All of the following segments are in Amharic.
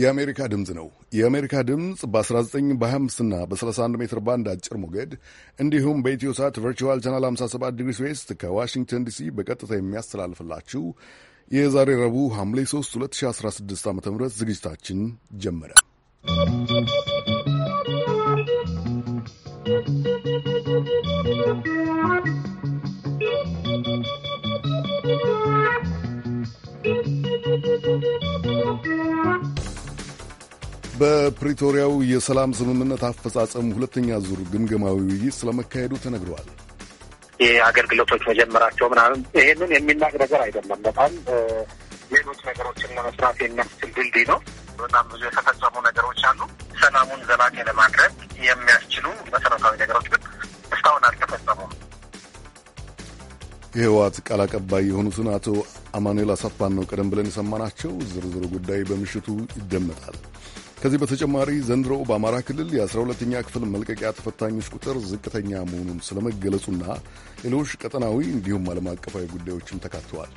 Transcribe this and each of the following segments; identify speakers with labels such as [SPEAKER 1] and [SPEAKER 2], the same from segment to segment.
[SPEAKER 1] የአሜሪካ ድምፅ ነው። የአሜሪካ ድምፅ በ19 በ25 እና በ31 ሜትር ባንድ አጭር ሞገድ እንዲሁም በኢትዮ ሳት ቨርቹዋል ቻናል 57 ዲግሪ ዌስት ከዋሽንግተን ዲሲ በቀጥታ የሚያስተላልፍላችሁ የዛሬ ረቡዕ ሐምሌ 3 2016 ዓ ም ዝግጅታችን ጀመረ። በፕሪቶሪያው የሰላም ስምምነት አፈጻጸም ሁለተኛ ዙር ግምገማዊ ውይይት ስለመካሄዱ ተነግረዋል።
[SPEAKER 2] የአገልግሎቶች መጀመራቸው ምናምን ይህንን የሚናቅ ነገር አይደለም። በጣም ሌሎች ነገሮችን ለመስራት የሚያስችል ድልድይ ነው። በጣም ብዙ የተፈጸሙ ነገሮች አሉ። ሰላሙን ዘላቂ ለማድረግ የሚያስችሉ መሰረታዊ ነገሮች ግን እስካሁን አልተፈጸሙም።
[SPEAKER 1] የህወሓት ቃል አቀባይ የሆኑትን አቶ አማኑኤል አሰፋን ነው ቀደም ብለን የሰማናቸው። ዝርዝሩ ጉዳይ በምሽቱ ይደመጣል። ከዚህ በተጨማሪ ዘንድሮ በአማራ ክልል የ12ኛ ክፍል መልቀቂያ ተፈታኞች ቁጥር ዝቅተኛ መሆኑን ስለመገለጹና ሌሎች ቀጠናዊ እንዲሁም ዓለም አቀፋዊ ጉዳዮችም ተካተዋል።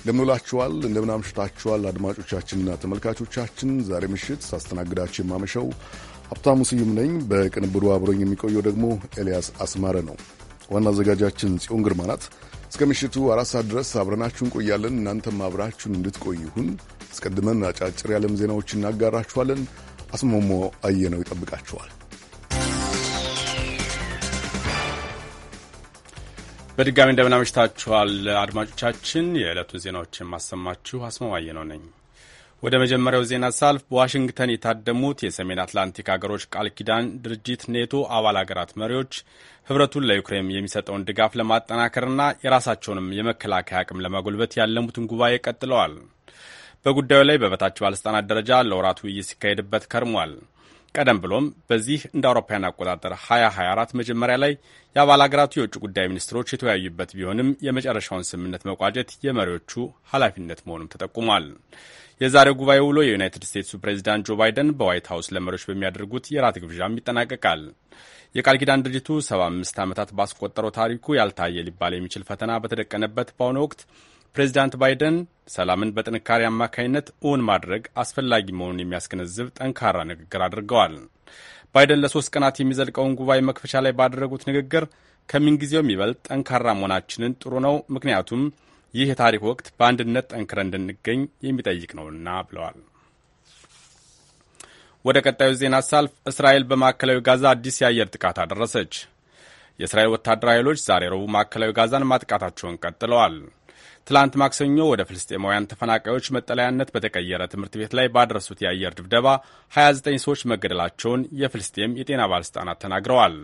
[SPEAKER 1] እንደምንውላችኋል፣ እንደምናምሽታችኋል አድማጮቻችንና ተመልካቾቻችን። ዛሬ ምሽት ሳስተናግዳችሁ የማመሸው ሀብታሙ ስዩም ነኝ። በቅንብሩ አብሮኝ የሚቆየው ደግሞ ኤልያስ አስማረ ነው። ዋና አዘጋጃችን ጽዮን ግርማ ናት። እስከ ምሽቱ አራት ሰዓት ድረስ አብረናችሁ እንቆያለን። እናንተም አብራችሁን እንድትቆይ ይሁን። አስቀድመን አጫጭር የዓለም ዜናዎችን እናጋራችኋለን። አስማሞ አየነው ይጠብቃችኋል። በድጋሚ
[SPEAKER 3] እንደምናመሽታችኋል አድማጮቻችን። የዕለቱን ዜናዎችን የማሰማችሁ አስማማ አየነው ነኝ። ወደ መጀመሪያው ዜና ሳልፍ በዋሽንግተን የታደሙት የሰሜን አትላንቲክ ሀገሮች ቃል ኪዳን ድርጅት ኔቶ አባል ሀገራት መሪዎች ህብረቱን ለዩክሬን የሚሰጠውን ድጋፍ ለማጠናከርና የራሳቸውንም የመከላከያ አቅም ለማጎልበት ያለሙትን ጉባኤ ቀጥለዋል። በጉዳዩ ላይ በበታች ባለሥልጣናት ደረጃ ለወራት ውይይት ሲካሄድበት ከርሟል። ቀደም ብሎም በዚህ እንደ አውሮፓውያን አቆጣጠር 2024 መጀመሪያ ላይ የአባል አገራቱ የውጭ ጉዳይ ሚኒስትሮች የተወያዩበት ቢሆንም የመጨረሻውን ስምምነት መቋጨት የመሪዎቹ ኃላፊነት መሆኑም ተጠቁሟል። የዛሬው ጉባኤ ውሎ የዩናይትድ ስቴትሱ ፕሬዚዳንት ጆ ባይደን በዋይት ሀውስ ለመሪዎች በሚያደርጉት የራት ግብዣም ይጠናቀቃል። የቃል ኪዳን ድርጅቱ 75 ዓመታት ባስቆጠረው ታሪኩ ያልታየ ሊባል የሚችል ፈተና በተደቀነበት በአሁኑ ወቅት ፕሬዚዳንት ባይደን ሰላምን በጥንካሬ አማካኝነት እውን ማድረግ አስፈላጊ መሆኑን የሚያስገነዝብ ጠንካራ ንግግር አድርገዋል። ባይደን ለሶስት ቀናት የሚዘልቀውን ጉባኤ መክፈቻ ላይ ባደረጉት ንግግር ከምንጊዜው የሚበልጥ ጠንካራ መሆናችንን ጥሩ ነው፣ ምክንያቱም ይህ የታሪክ ወቅት በአንድነት ጠንክረን እንድንገኝ የሚጠይቅ ነውና ብለዋል። ወደ ቀጣዩ ዜና ሳልፍ እስራኤል በማዕከላዊ ጋዛ አዲስ የአየር ጥቃት አደረሰች። የእስራኤል ወታደራዊ ኃይሎች ዛሬ ረቡዕ ማዕከላዊ ጋዛን ማጥቃታቸውን ቀጥለዋል። ትላንት ማክሰኞ ወደ ፍልስጤማውያን ተፈናቃዮች መጠለያነት በተቀየረ ትምህርት ቤት ላይ ባደረሱት የአየር ድብደባ 29 ሰዎች መገደላቸውን የፍልስጤም የጤና ባለሥልጣናት ተናግረዋል።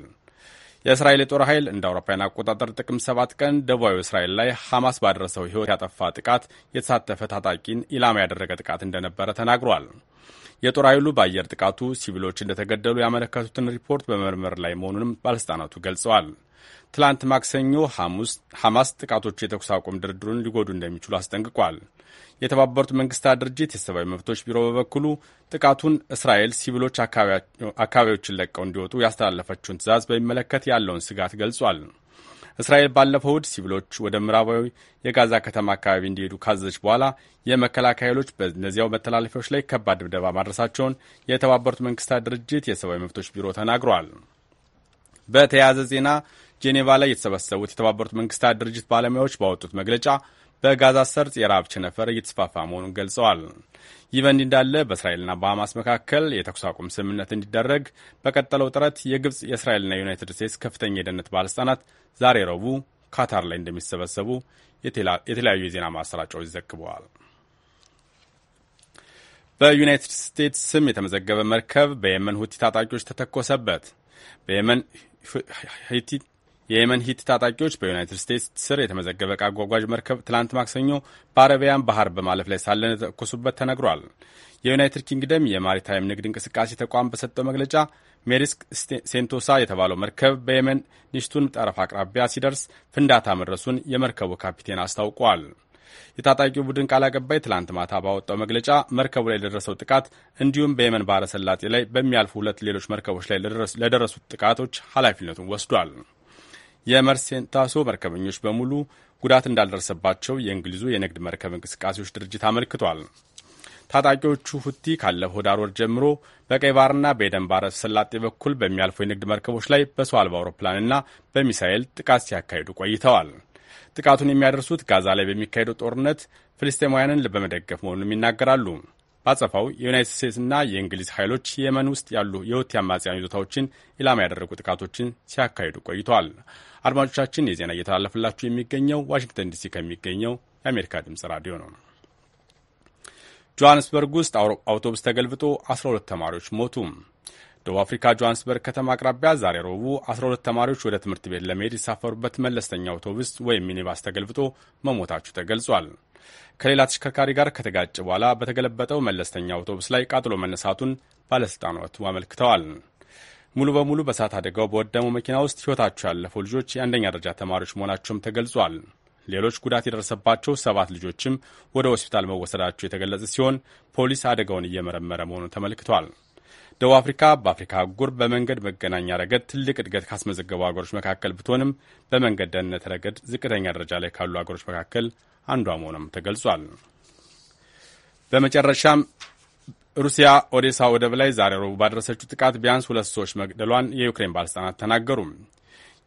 [SPEAKER 3] የእስራኤል የጦር ኃይል እንደ አውሮፓውያን አቆጣጠር ጥቅም 7 ቀን ደቡባዊ እስራኤል ላይ ሐማስ ባደረሰው ሕይወት ያጠፋ ጥቃት የተሳተፈ ታጣቂን ኢላማ ያደረገ ጥቃት እንደነበረ ተናግሯል። የጦር ኃይሉ በአየር ጥቃቱ ሲቪሎች እንደተገደሉ ያመለከቱትን ሪፖርት በመመርመር ላይ መሆኑንም ባለሥልጣናቱ ገልጸዋል። ትላንት ማክሰኞ ሐማስ ጥቃቶቹ የተኩስ አቁም ድርድሩን ሊጎዱ እንደሚችሉ አስጠንቅቋል። የተባበሩት መንግስታት ድርጅት የሰብአዊ መብቶች ቢሮ በበኩሉ ጥቃቱን እስራኤል ሲቪሎች አካባቢዎችን ለቀው እንዲወጡ ያስተላለፈችውን ትዕዛዝ በሚመለከት ያለውን ስጋት ገልጿል። እስራኤል ባለፈው እሁድ ሲቪሎች ወደ ምዕራባዊ የጋዛ ከተማ አካባቢ እንዲሄዱ ካዘች በኋላ የመከላከያ ኃይሎች በእነዚያው መተላለፊያዎች ላይ ከባድ ድብደባ ማድረሳቸውን የተባበሩት መንግስታት ድርጅት የሰብአዊ መብቶች ቢሮ ተናግሯል። በተያያዘ ዜና ጄኔቫ ላይ የተሰበሰቡት የተባበሩት መንግስታት ድርጅት ባለሙያዎች ባወጡት መግለጫ በጋዛ ሰርጥ የረሃብ ቸነፈር እየተስፋፋ መሆኑን ገልጸዋል። ይህ በእንዲህ እንዳለ በእስራኤልና በሐማስ መካከል የተኩስ አቁም ስምምነት እንዲደረግ በቀጠለው ጥረት የግብፅ የእስራኤልና ዩናይትድ ስቴትስ ከፍተኛ የደህንነት ባለሥልጣናት ዛሬ ረቡዕ ካታር ላይ እንደሚሰበሰቡ የተለያዩ የዜና ማሰራጫዎች ዘግበዋል። በዩናይትድ ስቴትስ ስም የተመዘገበ መርከብ በየመን ሁቲ ታጣቂዎች ተተኮሰበት። በየመን የየመን ሂት ታጣቂዎች በዩናይትድ ስቴትስ ስር የተመዘገበ ዕቃ አጓጓዥ መርከብ ትላንት ማክሰኞ በአረቢያን ባህር በማለፍ ላይ ሳለን እንደተኮሱበት ተነግሯል። የዩናይትድ ኪንግደም የማሪታይም ንግድ እንቅስቃሴ ተቋም በሰጠው መግለጫ ሜሪስክ ሴንቶሳ የተባለው መርከብ በየመን ኒሽቱን ጠረፍ አቅራቢያ ሲደርስ ፍንዳታ መድረሱን የመርከቡ ካፒቴን አስታውቋል። የታጣቂው ቡድን ቃል አቀባይ ትላንት ማታ ባወጣው መግለጫ መርከቡ ላይ ለደረሰው ጥቃት እንዲሁም በየመን ባህረ ሰላጤ ላይ በሚያልፉ ሁለት ሌሎች መርከቦች ላይ ለደረሱት ጥቃቶች ኃላፊነቱን ወስዷል። የመርሴን ታሶ መርከበኞች በሙሉ ጉዳት እንዳልደረሰባቸው የእንግሊዙ የንግድ መርከብ እንቅስቃሴዎች ድርጅት አመልክቷል። ታጣቂዎቹ ሁቲ ካለፈው ህዳር ወር ጀምሮ በቀይ ባህርና በኤደን ባህረ ሰላጤ በኩል በሚያልፉ የንግድ መርከቦች ላይ በሰው አልባ አውሮፕላንና በሚሳኤል ጥቃት ሲያካሂዱ ቆይተዋል። ጥቃቱን የሚያደርሱት ጋዛ ላይ በሚካሄደው ጦርነት ፍልስጤማውያንን በመደገፍ መሆኑንም ይናገራሉ። በአጸፋው የዩናይትድ ስቴትስና የእንግሊዝ ኃይሎች የመን ውስጥ ያሉ የሁቲ አማጽያን ይዞታዎችን ኢላማ ያደረጉ ጥቃቶችን ሲያካሂዱ ቆይተዋል። አድማጮቻችን የዜና እየተላለፈላችሁ የሚገኘው ዋሽንግተን ዲሲ ከሚገኘው የአሜሪካ ድምጽ ራዲዮ ነው። ጆሃንስበርግ ውስጥ አውቶቡስ ተገልብጦ 12 ተማሪዎች ሞቱ። ደቡብ አፍሪካ ጆሃንስበርግ ከተማ አቅራቢያ ዛሬ ረቡዕ 12 ተማሪዎች ወደ ትምህርት ቤት ለመሄድ የተሳፈሩበት መለስተኛ አውቶቡስ ወይም ሚኒባስ ተገልብጦ መሞታቸው ተገልጿል። ከሌላ ተሽከርካሪ ጋር ከተጋጨ በኋላ በተገለበጠው መለስተኛ አውቶቡስ ላይ ቃጥሎ መነሳቱን ባለሥልጣናቱ አመልክተዋል። ሙሉ በሙሉ በእሳት አደጋው በወደመው መኪና ውስጥ ሕይወታቸው ያለፈው ልጆች የአንደኛ ደረጃ ተማሪዎች መሆናቸውም ተገልጿል። ሌሎች ጉዳት የደረሰባቸው ሰባት ልጆችም ወደ ሆስፒታል መወሰዳቸው የተገለጸ ሲሆን ፖሊስ አደጋውን እየመረመረ መሆኑን ተመልክቷል። ደቡብ አፍሪካ በአፍሪካ አህጉር በመንገድ መገናኛ ረገድ ትልቅ እድገት ካስመዘገቡ አገሮች መካከል ብትሆንም በመንገድ ደህንነት ረገድ ዝቅተኛ ደረጃ ላይ ካሉ አገሮች መካከል አንዷ መሆኑም ተገልጿል። በመጨረሻም ሩሲያ ኦዴሳ ወደብ ላይ ዛሬ ረቡዕ ባደረሰችው ጥቃት ቢያንስ ሁለት ሰዎች መግደሏን የዩክሬን ባለሥልጣናት ተናገሩ።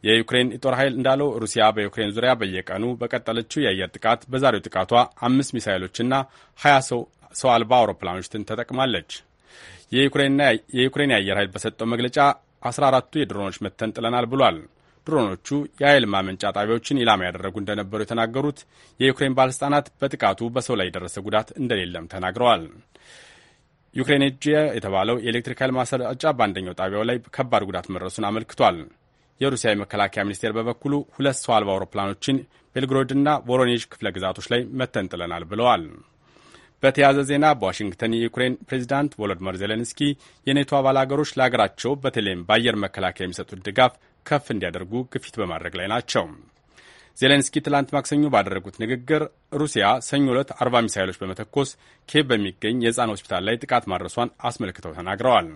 [SPEAKER 3] የዩክሬን የጦር ኃይል እንዳለው ሩሲያ በዩክሬን ዙሪያ በየቀኑ በቀጠለችው የአየር ጥቃት በዛሬው ጥቃቷ አምስት ሚሳይሎችና ሀያ ሰው አልባ አውሮፕላኖችን ተጠቅማለች። የዩክሬን የአየር ኃይል በሰጠው መግለጫ 14ቱ የድሮኖች መተን ጥለናል ብሏል። ድሮኖቹ የኃይል ማመንጫ ጣቢያዎችን ኢላማ ያደረጉ እንደነበሩ የተናገሩት የዩክሬን ባለሥልጣናት በጥቃቱ በሰው ላይ የደረሰ ጉዳት እንደሌለም ተናግረዋል። ዩክሬን እጅ የተባለው የኤሌክትሪክ ኃይል ማሰራጫ በአንደኛው ጣቢያው ላይ ከባድ ጉዳት መድረሱን አመልክቷል። የሩሲያ የመከላከያ ሚኒስቴር በበኩሉ ሁለት ሰው አልባ አውሮፕላኖችን ቤልግሮድና ቮሮኔዥ ክፍለ ግዛቶች ላይ መተን ጥለናል ብለዋል። በተያያዘ ዜና በዋሽንግተን የዩክሬን ፕሬዚዳንት ቮሎዲሚር ዜሌንስኪ የኔቶ አባል አገሮች ለሀገራቸው በተለይም በአየር መከላከያ የሚሰጡት ድጋፍ ከፍ እንዲያደርጉ ግፊት በማድረግ ላይ ናቸው። ዜሌንስኪ ትላንት ማክሰኞ ባደረጉት ንግግር ሩሲያ ሰኞ ዕለት አርባ ሚሳይሎች በመተኮስ ኬብ በሚገኝ የሕፃን ሆስፒታል ላይ ጥቃት ማድረሷን አስመልክተው ተናግረዋል።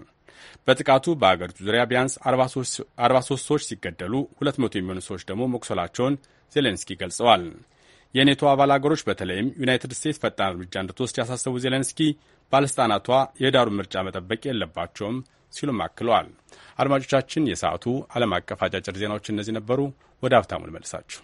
[SPEAKER 3] በጥቃቱ በአገሪቱ ዙሪያ ቢያንስ 43 ሰዎች ሲገደሉ 200 የሚሆኑ ሰዎች ደግሞ መቁሰላቸውን ዜሌንስኪ ገልጸዋል። የኔቶ አባል አገሮች በተለይም ዩናይትድ ስቴትስ ፈጣን እርምጃ እንድትወስድ ያሳሰቡ ዜሌንስኪ ባለሥልጣናቷ የህዳሩን ምርጫ መጠበቅ የለባቸውም ሲሉም አክለዋል። አድማጮቻችን፣ የሰዓቱ ዓለም አቀፍ አጫጭር ዜናዎች እነዚህ ነበሩ። ወደ ሀብታሙ ልመልሳችሁ።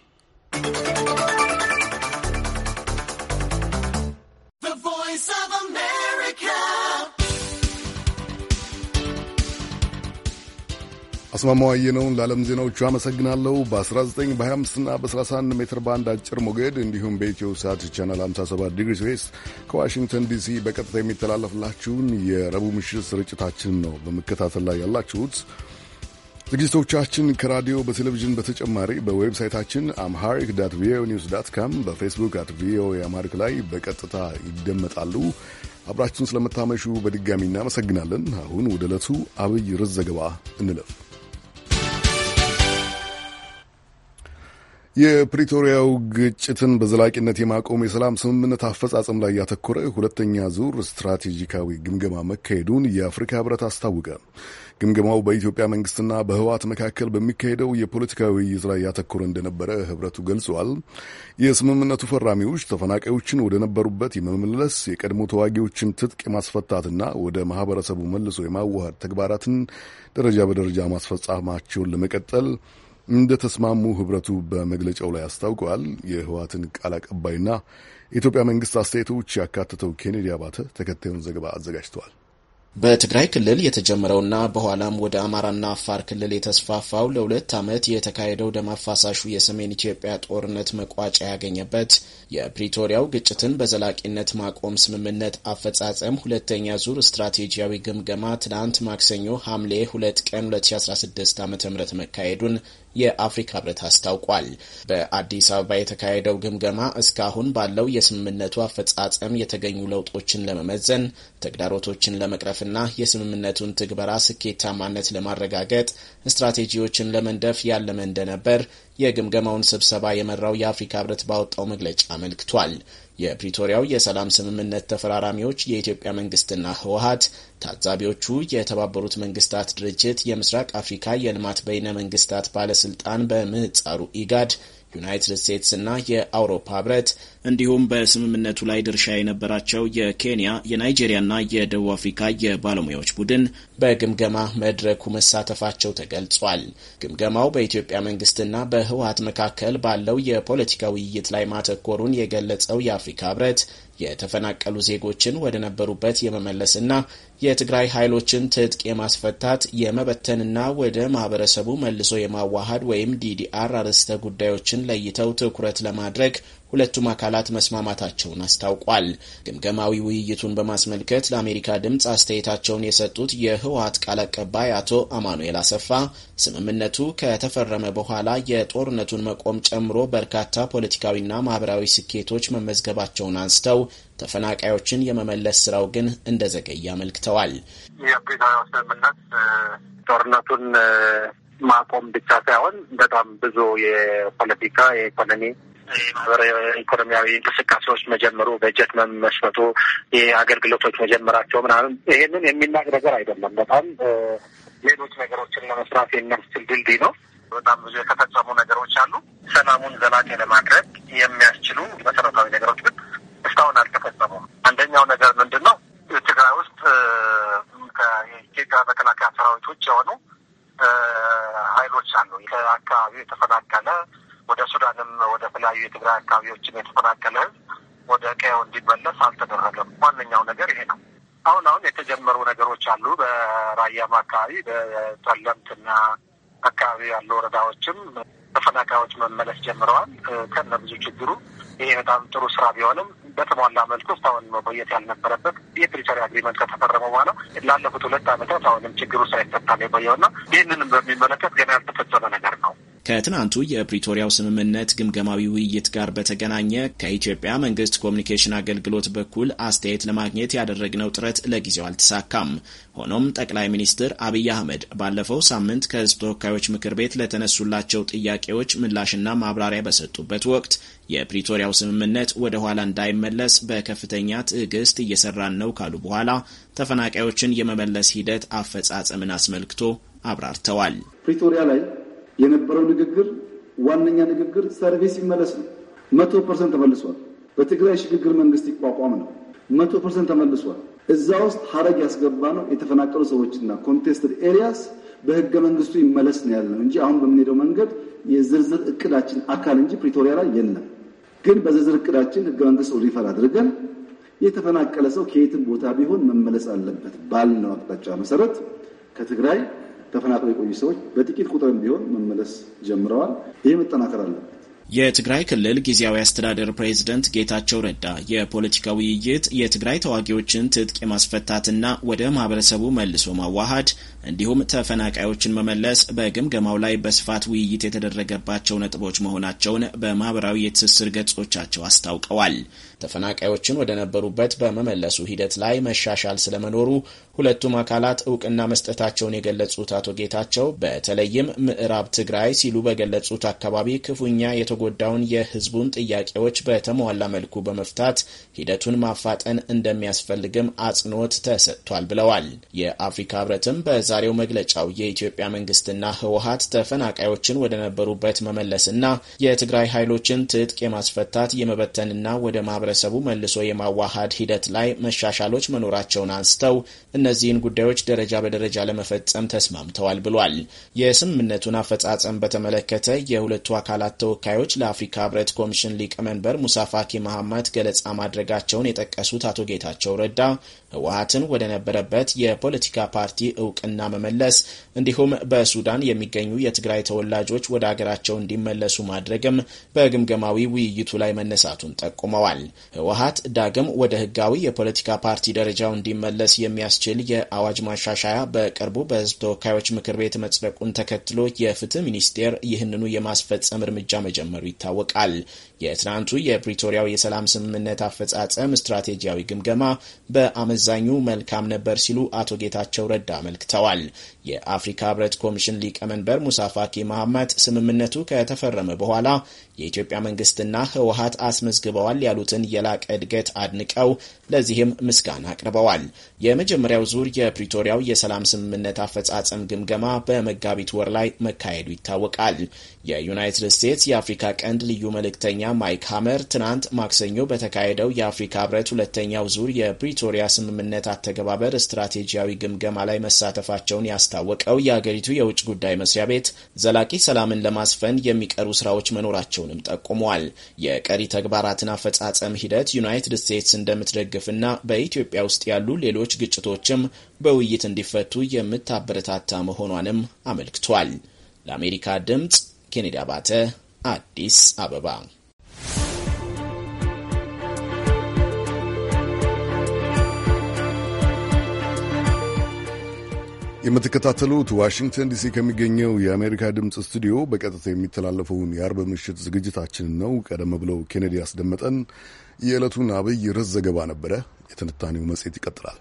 [SPEAKER 1] አስማማዋዬ ነውን ለዓለም ዜናዎቹ አመሰግናለሁ። በ19 በ25ና በ31 ሜትር ባንድ አጭር ሞገድ እንዲሁም በኢትዮ ሳት ቻናል 57 ዲግሪ ዌስት ከዋሽንግተን ዲሲ በቀጥታ የሚተላለፍላችሁን የረቡዕ ምሽት ስርጭታችን ነው በመከታተል ላይ ያላችሁት። ዝግጅቶቻችን ከራዲዮ በቴሌቪዥን በተጨማሪ በዌብሳይታችን አምሃሪክ ዳት ቪኦኤ ኒውስ ዳት ካም በፌስቡክ አት ቪኦኤ አማሪክ ላይ በቀጥታ ይደመጣሉ። አብራችሁን ስለምታመሹ በድጋሚ እናመሰግናለን። አሁን ወደ ዕለቱ አብይ ርዕስ ዘገባ እንለፍ። የፕሪቶሪያው ግጭትን በዘላቂነት የማቆም የሰላም ስምምነት አፈጻጸም ላይ ያተኮረ ሁለተኛ ዙር ስትራቴጂካዊ ግምገማ መካሄዱን የአፍሪካ ህብረት አስታወቀ። ግምገማው በኢትዮጵያ መንግስትና በህወሓት መካከል በሚካሄደው የፖለቲካዊ ውይይት ላይ ያተኮረ እንደነበረ ህብረቱ ገልጿል። የስምምነቱ ፈራሚዎች ተፈናቃዮችን ወደ ነበሩበት የመመለስ የቀድሞ ተዋጊዎችን ትጥቅ የማስፈታትና ወደ ማህበረሰቡ መልሶ የማዋሃድ ተግባራትን ደረጃ በደረጃ ማስፈጻማቸውን ለመቀጠል እንደተስማሙ ህብረቱ በመግለጫው ላይ አስታውቀዋል። የህወሓትን ቃል አቀባይና የኢትዮጵያ መንግስት አስተያየቶች ያካተተው ኬኔዲ አባተ
[SPEAKER 4] ተከታዩን ዘገባ አዘጋጅተዋል። በትግራይ ክልል የተጀመረውና በኋላም ወደ አማራና አፋር ክልል የተስፋፋው ለሁለት ዓመት የተካሄደው ደም አፋሳሹ የሰሜን ኢትዮጵያ ጦርነት መቋጫ ያገኘበት የፕሪቶሪያው ግጭትን በዘላቂነት ማቆም ስምምነት አፈጻጸም ሁለተኛ ዙር ስትራቴጂያዊ ግምገማ ትናንት ማክሰኞ ሐምሌ 2 ቀን 2016 ዓ ም መካሄዱን የአፍሪካ ህብረት አስታውቋል። በአዲስ አበባ የተካሄደው ግምገማ እስካሁን ባለው የስምምነቱ አፈጻጸም የተገኙ ለውጦችን ለመመዘን፣ ተግዳሮቶችን ለመቅረፍና የስምምነቱን ትግበራ ስኬታማነት ለማረጋገጥ ስትራቴጂዎችን ለመንደፍ ያለመ እንደነበር የግምገማውን ስብሰባ የመራው የአፍሪካ ህብረት ባወጣው መግለጫ አመልክቷል። የፕሪቶሪያው የሰላም ስምምነት ተፈራራሚዎች የኢትዮጵያ መንግስትና ህወሀት ታዛቢዎቹ የተባበሩት መንግስታት ድርጅት የምስራቅ አፍሪካ የልማት በይነ መንግስታት ባለስልጣን በምህጻሩ ኢጋድ ዩናይትድ እና የአውሮፓ ህብረት እንዲሁም በስምምነቱ ላይ ድርሻ የነበራቸው የኬንያ እና የደቡብ አፍሪካ የባለሙያዎች ቡድን በግምገማ መድረኩ መሳተፋቸው ተገልጿል። ግምገማው በኢትዮጵያ መንግስትና በህወሀት መካከል ባለው የፖለቲካ ውይይት ላይ ማተኮሩን የገለጸው የአፍሪካ ህብረት የተፈናቀሉ ዜጎችን ወደ ነበሩበት የመመለስና የትግራይ ኃይሎችን ትጥቅ የማስፈታት የመበተንና ወደ ማህበረሰቡ መልሶ የማዋሃድ ወይም ዲዲአር አርዕስተ ጉዳዮችን ለይተው ትኩረት ለማድረግ ሁለቱም አካላት መስማማታቸውን አስታውቋል። ግምገማዊ ውይይቱን በማስመልከት ለአሜሪካ ድምፅ አስተያየታቸውን የሰጡት የህወሀት ቃል አቀባይ አቶ አማኑኤል አሰፋ ስምምነቱ ከተፈረመ በኋላ የጦርነቱን መቆም ጨምሮ በርካታ ፖለቲካዊና ማህበራዊ ስኬቶች መመዝገባቸውን አንስተው ተፈናቃዮችን የመመለስ ስራው ግን እንደዘገየ አመልክተዋል።
[SPEAKER 2] የፕሪቶሪያው ስምምነት ጦርነቱን ማቆም ብቻ ሳይሆን በጣም ብዙ የፖለቲካ፣ የኢኮኖሚ፣ ኢኮኖሚያዊ እንቅስቃሴዎች መጀመሩ፣ በጀት መመስረቱ፣ የአገልግሎቶች መጀመራቸው ምናምን ይሄንን የሚናቅ ነገር አይደለም። በጣም ሌሎች ነገሮችን ለመስራት የሚያስችል ድልድይ ነው። በጣም ብዙ የተፈጸሙ ነገሮች አሉ። ሰላሙን ዘላቂ ለማድረግ የሚያስችሉ መሰረታዊ ነገሮች ግን እስካሁን አልተፈጸሙም። አንደኛው ነገር ምንድን ነው? ትግራይ ውስጥ ከኢትዮጵያ መከላከያ ሰራዊቶች የሆኑ ኃይሎች አሉ። ከአካባቢው የተፈናቀለ ወደ ሱዳንም ወደ ተለያዩ የትግራይ አካባቢዎችም የተፈናቀለ ህዝብ ወደ ቀየው እንዲመለስ አልተደረገም። ዋነኛው ነገር ይሄ ነው። አሁን አሁን የተጀመሩ ነገሮች አሉ። በራያም አካባቢ በጠለምትና አካባቢ ያሉ ወረዳዎችም ተፈናቃዮች መመለስ ጀምረዋል። ከነ ብዙ ችግሩ ይሄ በጣም ጥሩ ስራ ቢሆንም በተሟላ መልኩ እስካሁን መቆየት ያልነበረበት የፕሪቶሪያ አግሪመንት ከተፈረመ በኋላ ላለፉት ሁለት ዓመታት አሁንም ችግሩ ሳይፈታ ነው የቆየውና ይህንንም በሚመለከት ገና
[SPEAKER 4] ያልተፈጸመ ነገር ነው። ከትናንቱ የፕሪቶሪያው ስምምነት ግምገማዊ ውይይት ጋር በተገናኘ ከኢትዮጵያ መንግስት ኮሚኒኬሽን አገልግሎት በኩል አስተያየት ለማግኘት ያደረግነው ጥረት ለጊዜው አልተሳካም። ሆኖም ጠቅላይ ሚኒስትር አብይ አህመድ ባለፈው ሳምንት ከህዝብ ተወካዮች ምክር ቤት ለተነሱላቸው ጥያቄዎች ምላሽና ማብራሪያ በሰጡበት ወቅት የፕሪቶሪያው ስምምነት ወደ ኋላ እንዳይመለስ በከፍተኛ ትዕግስት እየሰራን ነው ካሉ በኋላ ተፈናቃዮችን የመመለስ ሂደት አፈጻጸምን አስመልክቶ አብራርተዋል።
[SPEAKER 1] ፕሪቶሪያ ላይ የነበረው ንግግር ዋነኛ ንግግር ሰርቪስ ይመለስ ነው። መቶ ፐርሰንት ተመልሷል። በትግራይ ሽግግር መንግስት ይቋቋም ነው። መቶ ፐርሰንት ተመልሷል። እዛ ውስጥ ሀረግ ያስገባ ነው። የተፈናቀሉ ሰዎችና ኮንቴስትድ ኤሪያስ በህገ መንግስቱ ይመለስ ነው ያለ እንጂ አሁን በምንሄደው መንገድ የዝርዝር እቅዳችን አካል እንጂ ፕሪቶሪያ ላይ የለም። ግን በዝርዝር እቅዳችን ህገ መንግስት ሪፈር አድርገን የተፈናቀለ ሰው ከየትም ቦታ ቢሆን መመለስ አለበት ባልነው አቅጣጫ መሰረት ከትግራይ ተፈናቅለው የቆዩ ሰዎች በጥቂት ቁጥርም ቢሆን መመለስ ጀምረዋል። ይህ መጠናከር አለ።
[SPEAKER 4] የትግራይ ክልል ጊዜያዊ አስተዳደር ፕሬዝደንት ጌታቸው ረዳ የፖለቲካ ውይይት የትግራይ ተዋጊዎችን ትጥቅ የማስፈታትና ወደ ማህበረሰቡ መልሶ ማዋሃድ እንዲሁም ተፈናቃዮችን መመለስ በግምገማው ላይ በስፋት ውይይት የተደረገባቸው ነጥቦች መሆናቸውን በማህበራዊ የትስስር ገጾቻቸው አስታውቀዋል። ተፈናቃዮችን ወደ ነበሩበት በመመለሱ ሂደት ላይ መሻሻል ስለመኖሩ ሁለቱም አካላት እውቅና መስጠታቸውን የገለጹት አቶ ጌታቸው በተለይም ምዕራብ ትግራይ ሲሉ በገለጹት አካባቢ ክፉኛ የተጎዳውን የህዝቡን ጥያቄዎች በተሟላ መልኩ በመፍታት ሂደቱን ማፋጠን እንደሚያስፈልግም አጽንኦት ተሰጥቷል ብለዋል። የአፍሪካ ህብረትም በዛሬው መግለጫው የኢትዮጵያ መንግስትና ህወሀት ተፈናቃዮችን ወደ ነበሩበት መመለስና የትግራይ ኃይሎችን ትጥቅ የማስፈታት የመበተንና ወደ ማህበረሰቡ መልሶ የማዋሃድ ሂደት ላይ መሻሻሎች መኖራቸውን አንስተው እነ እነዚህን ጉዳዮች ደረጃ በደረጃ ለመፈጸም ተስማምተዋል ብሏል። የስምምነቱን አፈጻጸም በተመለከተ የሁለቱ አካላት ተወካዮች ለአፍሪካ ህብረት ኮሚሽን ሊቀመንበር ሙሳፋኪ መሐማት ገለጻ ማድረጋቸውን የጠቀሱት አቶ ጌታቸው ረዳ ህወሀትን ወደ ነበረበት የፖለቲካ ፓርቲ እውቅና መመለስ እንዲሁም በሱዳን የሚገኙ የትግራይ ተወላጆች ወደ አገራቸው እንዲመለሱ ማድረግም በግምገማዊ ውይይቱ ላይ መነሳቱን ጠቁመዋል። ህወሀት ዳግም ወደ ህጋዊ የፖለቲካ ፓርቲ ደረጃው እንዲመለስ የሚያስችል የአዋጅ ማሻሻያ በቅርቡ በህዝብ ተወካዮች ምክር ቤት መጽደቁን ተከትሎ የፍትህ ሚኒስቴር ይህንኑ የማስፈጸም እርምጃ መጀመሩ ይታወቃል። የትናንቱ የፕሪቶሪያው የሰላም ስምምነት አፈጻጸም ስትራቴጂያዊ ግምገማ በአመዛኙ መልካም ነበር ሲሉ አቶ ጌታቸው ረዳ አመልክተዋል። የአፍሪካ ህብረት ኮሚሽን ሊቀመንበር ሙሳ ፋኪ ስምምነቱ ከተፈረመ በኋላ የኢትዮጵያ መንግስትና ህወሀት አስመዝግበዋል ያሉትን የላቀ እድገት አድንቀው ለዚህም ምስጋና አቅርበዋል። የመጀመሪያው ዙር የፕሪቶሪያው የሰላም ስምምነት አፈጻጸም ግምገማ በመጋቢት ወር ላይ መካሄዱ ይታወቃል። የዩናይትድ ስቴትስ የአፍሪካ ቀንድ ልዩ መልእክተኛ ማይክ ሀመር ትናንት ማክሰኞ በተካሄደው የአፍሪካ ህብረት ሁለተኛው ዙር የፕሪቶሪያ ስምምነት አተገባበር ስትራቴጂያዊ ግምገማ ላይ መሳተፋቸውን ያስታወቀው የአገሪቱ የውጭ ጉዳይ መስሪያ ቤት ዘላቂ ሰላምን ለማስፈን የሚቀሩ ስራዎች መኖራቸውን መሆኑንም ጠቁመዋል። የቀሪ ተግባራትን አፈጻጸም ሂደት ዩናይትድ ስቴትስ እንደምትደግፍና በኢትዮጵያ ውስጥ ያሉ ሌሎች ግጭቶችም በውይይት እንዲፈቱ የምታበረታታ መሆኗንም አመልክቷል። ለአሜሪካ ድምፅ ኬኔዲ አባተ አዲስ አበባ
[SPEAKER 1] የምትከታተሉት ዋሽንግተን ዲሲ ከሚገኘው የአሜሪካ ድምፅ ስቱዲዮ በቀጥታ የሚተላለፈውን የአርብ ምሽት ዝግጅታችንን ነው። ቀደም ብለው ኬኔዲ ያስደመጠን የዕለቱን አብይ ርዕስ ዘገባ ነበረ። የትንታኔው መጽሔት ይቀጥላል።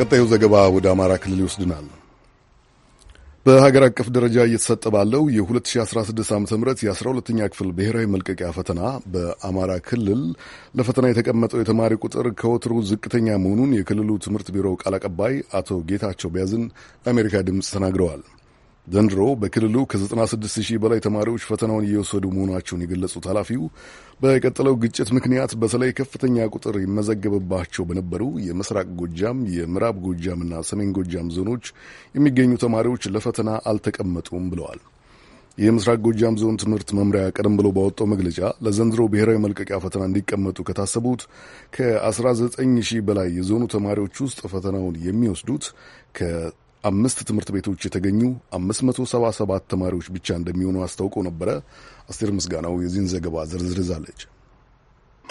[SPEAKER 1] ቀጣዩ ዘገባ ወደ አማራ ክልል ይወስድናል። በሀገር አቀፍ ደረጃ እየተሰጠ ባለው የ2016 ዓ ም የ12ኛ ክፍል ብሔራዊ መልቀቂያ ፈተና በአማራ ክልል ለፈተና የተቀመጠው የተማሪ ቁጥር ከወትሩ ዝቅተኛ መሆኑን የክልሉ ትምህርት ቢሮ ቃል አቀባይ አቶ ጌታቸው ቢያዝን ለአሜሪካ ድምፅ ተናግረዋል። ዘንድሮ በክልሉ ከ96 ሺህ በላይ ተማሪዎች ፈተናውን እየወሰዱ መሆናቸውን የገለጹት ኃላፊው በቀጠለው ግጭት ምክንያት በተለይ ከፍተኛ ቁጥር ይመዘገብባቸው በነበሩ የምስራቅ ጎጃም፣ የምዕራብ ጎጃምና ሰሜን ጎጃም ዞኖች የሚገኙ ተማሪዎች ለፈተና አልተቀመጡም ብለዋል። የምስራቅ ጎጃም ዞን ትምህርት መምሪያ ቀደም ብሎ ባወጣው መግለጫ ለዘንድሮ ብሔራዊ መልቀቂያ ፈተና እንዲቀመጡ ከታሰቡት ከ19 ሺህ በላይ የዞኑ ተማሪዎች ውስጥ ፈተናውን የሚወስዱት አምስት ትምህርት ቤቶች የተገኙ 577 ተማሪዎች ብቻ እንደሚሆኑ አስታውቀው ነበረ። አስቴር ምስጋናው የዚህን ዘገባ ዝርዝር ይዛለች።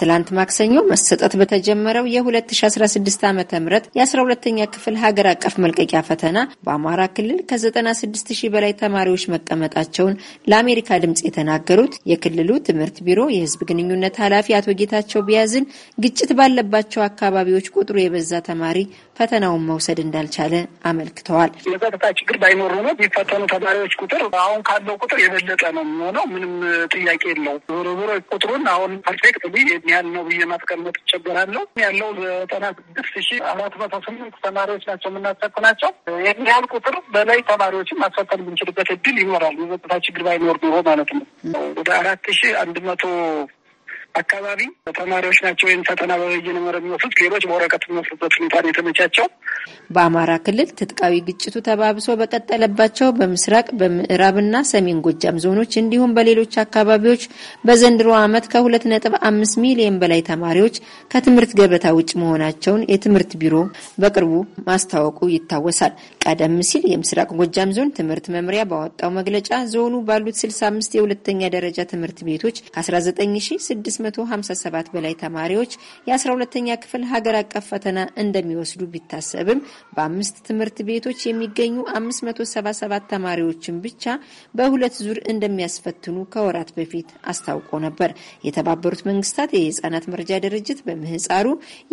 [SPEAKER 5] ትላንት ማክሰኞ መሰጠት በተጀመረው የ2016 ዓ ም የ12ኛ ክፍል ሀገር አቀፍ መልቀቂያ ፈተና በአማራ ክልል ከ96 ሺህ በላይ ተማሪዎች መቀመጣቸውን ለአሜሪካ ድምፅ የተናገሩት የክልሉ ትምህርት ቢሮ የህዝብ ግንኙነት ኃላፊ አቶ ጌታቸው ቢያዝን ግጭት ባለባቸው አካባቢዎች ቁጥሩ የበዛ ተማሪ ፈተናውን መውሰድ እንዳልቻለ አመልክተዋል።
[SPEAKER 6] የጸጥታ ችግር ባይኖር ነው የሚፈተኑ ተማሪዎች ቁጥር አሁን ካለው ቁጥር የበለጠ ነው የሚሆነው። ምንም ጥያቄ የለው። ዞሮ ዞሮ ቁጥሩን አሁን ፐርፌክት ያህል ነው ብዬ ማስቀመጥ ይቸገራለሁ። ያለው ዘጠና ስድስት ሺ አራት መቶ ስምንት ተማሪዎች ናቸው የምናስፈትናቸው። ይህን ያህል ቁጥር በላይ ተማሪዎችን ማስፈተን የምንችልበት እድል ይኖራል። የጸጥታ ችግር ባይኖር ኖሮ ማለት ነው። ወደ አራት ሺ አንድ መቶ አካባቢ ተማሪዎች ናቸው ወይም ፈተና በበይነ መረብ የሚወስዱት፣ ሌሎች በወረቀት የሚወስዱበት ሁኔታ ነው የተመቻቸው።
[SPEAKER 5] በአማራ ክልል ትጥቃዊ ግጭቱ ተባብሶ በቀጠለባቸው በምስራቅ በምዕራብና ሰሜን ጎጃም ዞኖች እንዲሁም በሌሎች አካባቢዎች በዘንድሮ ዓመት ከሁለት ነጥብ አምስት ሚሊዮን በላይ ተማሪዎች ከትምህርት ገበታ ውጭ መሆናቸውን የትምህርት ቢሮ በቅርቡ ማስታወቁ ይታወሳል። ቀደም ሲል የምስራቅ ጎጃም ዞን ትምህርት መምሪያ ባወጣው መግለጫ ዞኑ ባሉት 65 የሁለተኛ ደረጃ ትምህርት ቤቶች ከ19 657 በላይ ተማሪዎች የ12ተኛ ክፍል ሀገር አቀፍ ፈተና እንደሚወስዱ ቢታሰብም በአምስት ትምህርት ቤቶች የሚገኙ 577 ተማሪዎችን ብቻ በሁለት ዙር እንደሚያስፈትኑ ከወራት በፊት አስታውቆ ነበር። የተባበሩት መንግስታት የህጻናት መርጃ ድርጅት በምህፃሩ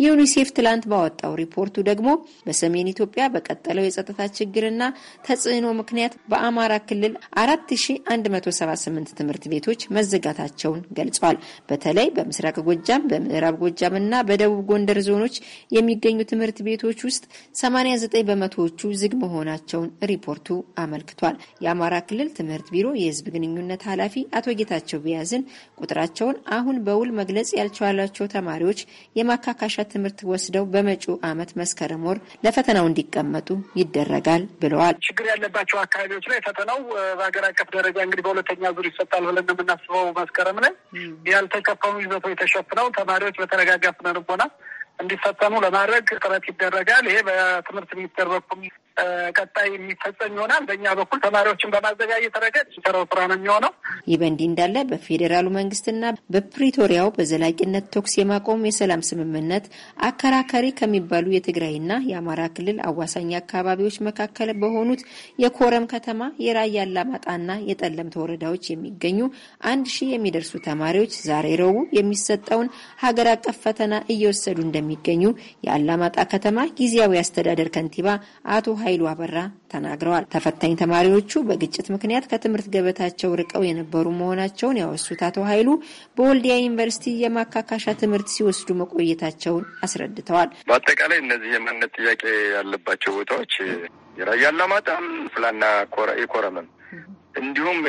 [SPEAKER 5] ዩኒሴፍ ትላንት ባወጣው ሪፖርቱ ደግሞ በሰሜን ኢትዮጵያ በቀጠለው የጸጥታ ችግርና ተጽዕኖ ምክንያት በአማራ ክልል 4178 ትምህርት ቤቶች መዘጋታቸውን ገልጿል። በተለይ በተለይ በምስራቅ ጎጃም፣ በምዕራብ ጎጃም እና በደቡብ ጎንደር ዞኖች የሚገኙ ትምህርት ቤቶች ውስጥ 89 በመቶዎቹ ዝግ መሆናቸውን ሪፖርቱ አመልክቷል። የአማራ ክልል ትምህርት ቢሮ የህዝብ ግንኙነት ኃላፊ አቶ ጌታቸው ቢያዝን ቁጥራቸውን አሁን በውል መግለጽ ያልቻላቸው ተማሪዎች የማካካሻ ትምህርት ወስደው በመጪው ዓመት መስከረም ወር ለፈተናው እንዲቀመጡ ይደረጋል ብለዋል።
[SPEAKER 6] ችግር ያለባቸው አካባቢዎች ላይ ፈተናው በሀገር አቀፍ ደረጃ እንግዲህ በሁለተኛ ዙር ይሰጣል ብለን የምናስበው መስከረም ላይ ያልተከፈ በተጠኑ ይዘቶች ተሸፍነው ተማሪዎች በተረጋጋ ስነ ልቦና እንዲፈተኑ ለማድረግ ጥረት ይደረጋል። ይሄ በትምህርት ሚኒስቴር በኩል ቀጣይ የሚፈጸም ይሆናል። በእኛ በኩል ተማሪዎችን በማዘጋጀት ረገድ ሰራው ስራ ነው የሚሆነው።
[SPEAKER 5] ይህ በእንዲህ እንዳለ በፌዴራሉ መንግስትና በፕሪቶሪያው በዘላቂነት ተኩስ የማቆም የሰላም ስምምነት አከራካሪ ከሚባሉ የትግራይና የአማራ ክልል አዋሳኝ አካባቢዎች መካከል በሆኑት የኮረም ከተማ፣ የራያ አላማጣና የጠለምተ ወረዳዎች የሚገኙ አንድ ሺህ የሚደርሱ ተማሪዎች ዛሬ ረቡዕ የሚሰጠውን ሀገር አቀፍ ፈተና እየወሰዱ እንደሚገኙ የአላማጣ ከተማ ጊዜያዊ አስተዳደር ከንቲባ አቶ ኃይሉ አበራ ተናግረዋል። ተፈታኝ ተማሪዎቹ በግጭት ምክንያት ከትምህርት ገበታቸው ርቀው የነበሩ መሆናቸውን ያወሱት አቶ ኃይሉ በወልዲያ ዩኒቨርሲቲ የማካካሻ ትምህርት ሲወስዱ መቆየታቸውን አስረድተዋል።
[SPEAKER 7] በአጠቃላይ እነዚህ የማንነት ጥያቄ ያለባቸው ቦታዎች የራያ አላማጣም፣ ፍላና ኮረመም እንዲሁም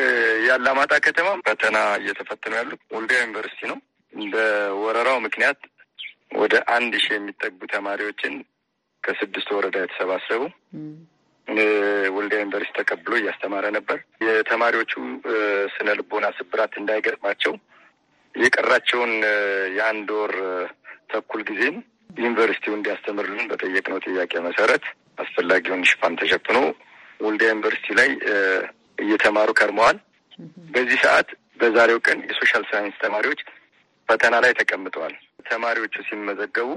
[SPEAKER 7] የአላማጣ ከተማ ፈተና እየተፈተኑ ያሉት ወልዲያ ዩኒቨርሲቲ ነው። በወረራው ምክንያት ወደ አንድ ሺህ የሚጠጉ ተማሪዎችን ከስድስት ወረዳ የተሰባሰቡ ወልዲያ ዩኒቨርሲቲ ተቀብሎ እያስተማረ ነበር። የተማሪዎቹ ስነ ልቦና ስብራት እንዳይገጥማቸው የቀራቸውን የአንድ ወር ተኩል ጊዜም ዩኒቨርሲቲው እንዲያስተምርልን በጠየቅነው ጥያቄ መሰረት አስፈላጊውን ሽፋን ተሸፍኖ ወልዲያ ዩኒቨርሲቲ ላይ እየተማሩ ከርመዋል። በዚህ ሰዓት በዛሬው ቀን የሶሻል ሳይንስ ተማሪዎች ፈተና ላይ ተቀምጠዋል። ተማሪዎቹ ሲመዘገቡ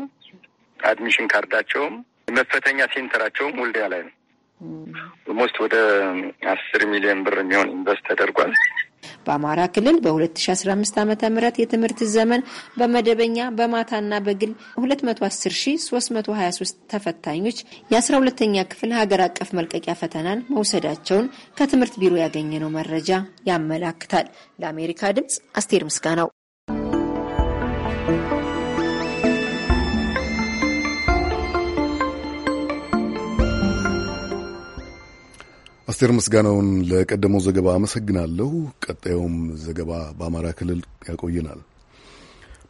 [SPEAKER 7] አድሚሽን ካርዳቸውም መፈተኛ ሴንተራቸውም ወልዲያ ላይ ነው። ኦልሞስት ወደ አስር ሚሊዮን ብር የሚሆን ኢንቨስት ተደርጓል።
[SPEAKER 5] በአማራ ክልል በ2015 ዓ ም የትምህርት ዘመን በመደበኛ በማታና በግል 210323 ተፈታኞች የ12ተኛ ክፍል ሀገር አቀፍ መልቀቂያ ፈተናን መውሰዳቸውን ከትምህርት ቢሮ ያገኘነው መረጃ ያመላክታል። ለአሜሪካ ድምፅ አስቴር ምስጋናው።
[SPEAKER 1] አስቴር ምስጋናውን ለቀደመው ዘገባ አመሰግናለሁ። ቀጣዩም ዘገባ በአማራ ክልል ያቆየናል።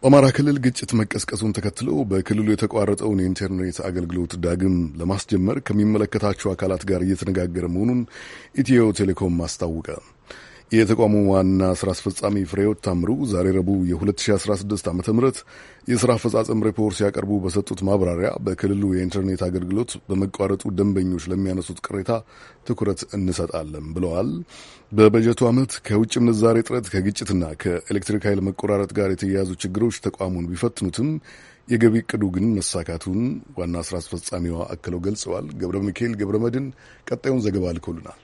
[SPEAKER 1] በአማራ ክልል ግጭት መቀስቀሱን ተከትሎ በክልሉ የተቋረጠውን የኢንተርኔት አገልግሎት ዳግም ለማስጀመር ከሚመለከታቸው አካላት ጋር እየተነጋገረ መሆኑን ኢትዮ ቴሌኮም አስታወቀ። የተቋሙ ዋና ስራ አስፈጻሚ ፍሬዎት ታምሩ ዛሬ ረቡዕ የ2016 ዓ ም የስራ አፈጻጸም ሪፖርት ሲያቀርቡ በሰጡት ማብራሪያ በክልሉ የኢንተርኔት አገልግሎት በመቋረጡ ደንበኞች ለሚያነሱት ቅሬታ ትኩረት እንሰጣለን ብለዋል። በበጀቱ ዓመት ከውጭ ምንዛሬ እጥረት፣ ከግጭትና ከኤሌክትሪክ ኃይል መቆራረጥ ጋር የተያያዙ ችግሮች ተቋሙን ቢፈትኑትም የገቢ ዕቅዱ ግን መሳካቱን ዋና ስራ አስፈጻሚዋ አክለው ገልጸዋል። ገብረ ሚካኤል ገብረ መድን ቀጣዩን ዘገባ ልኮልናል።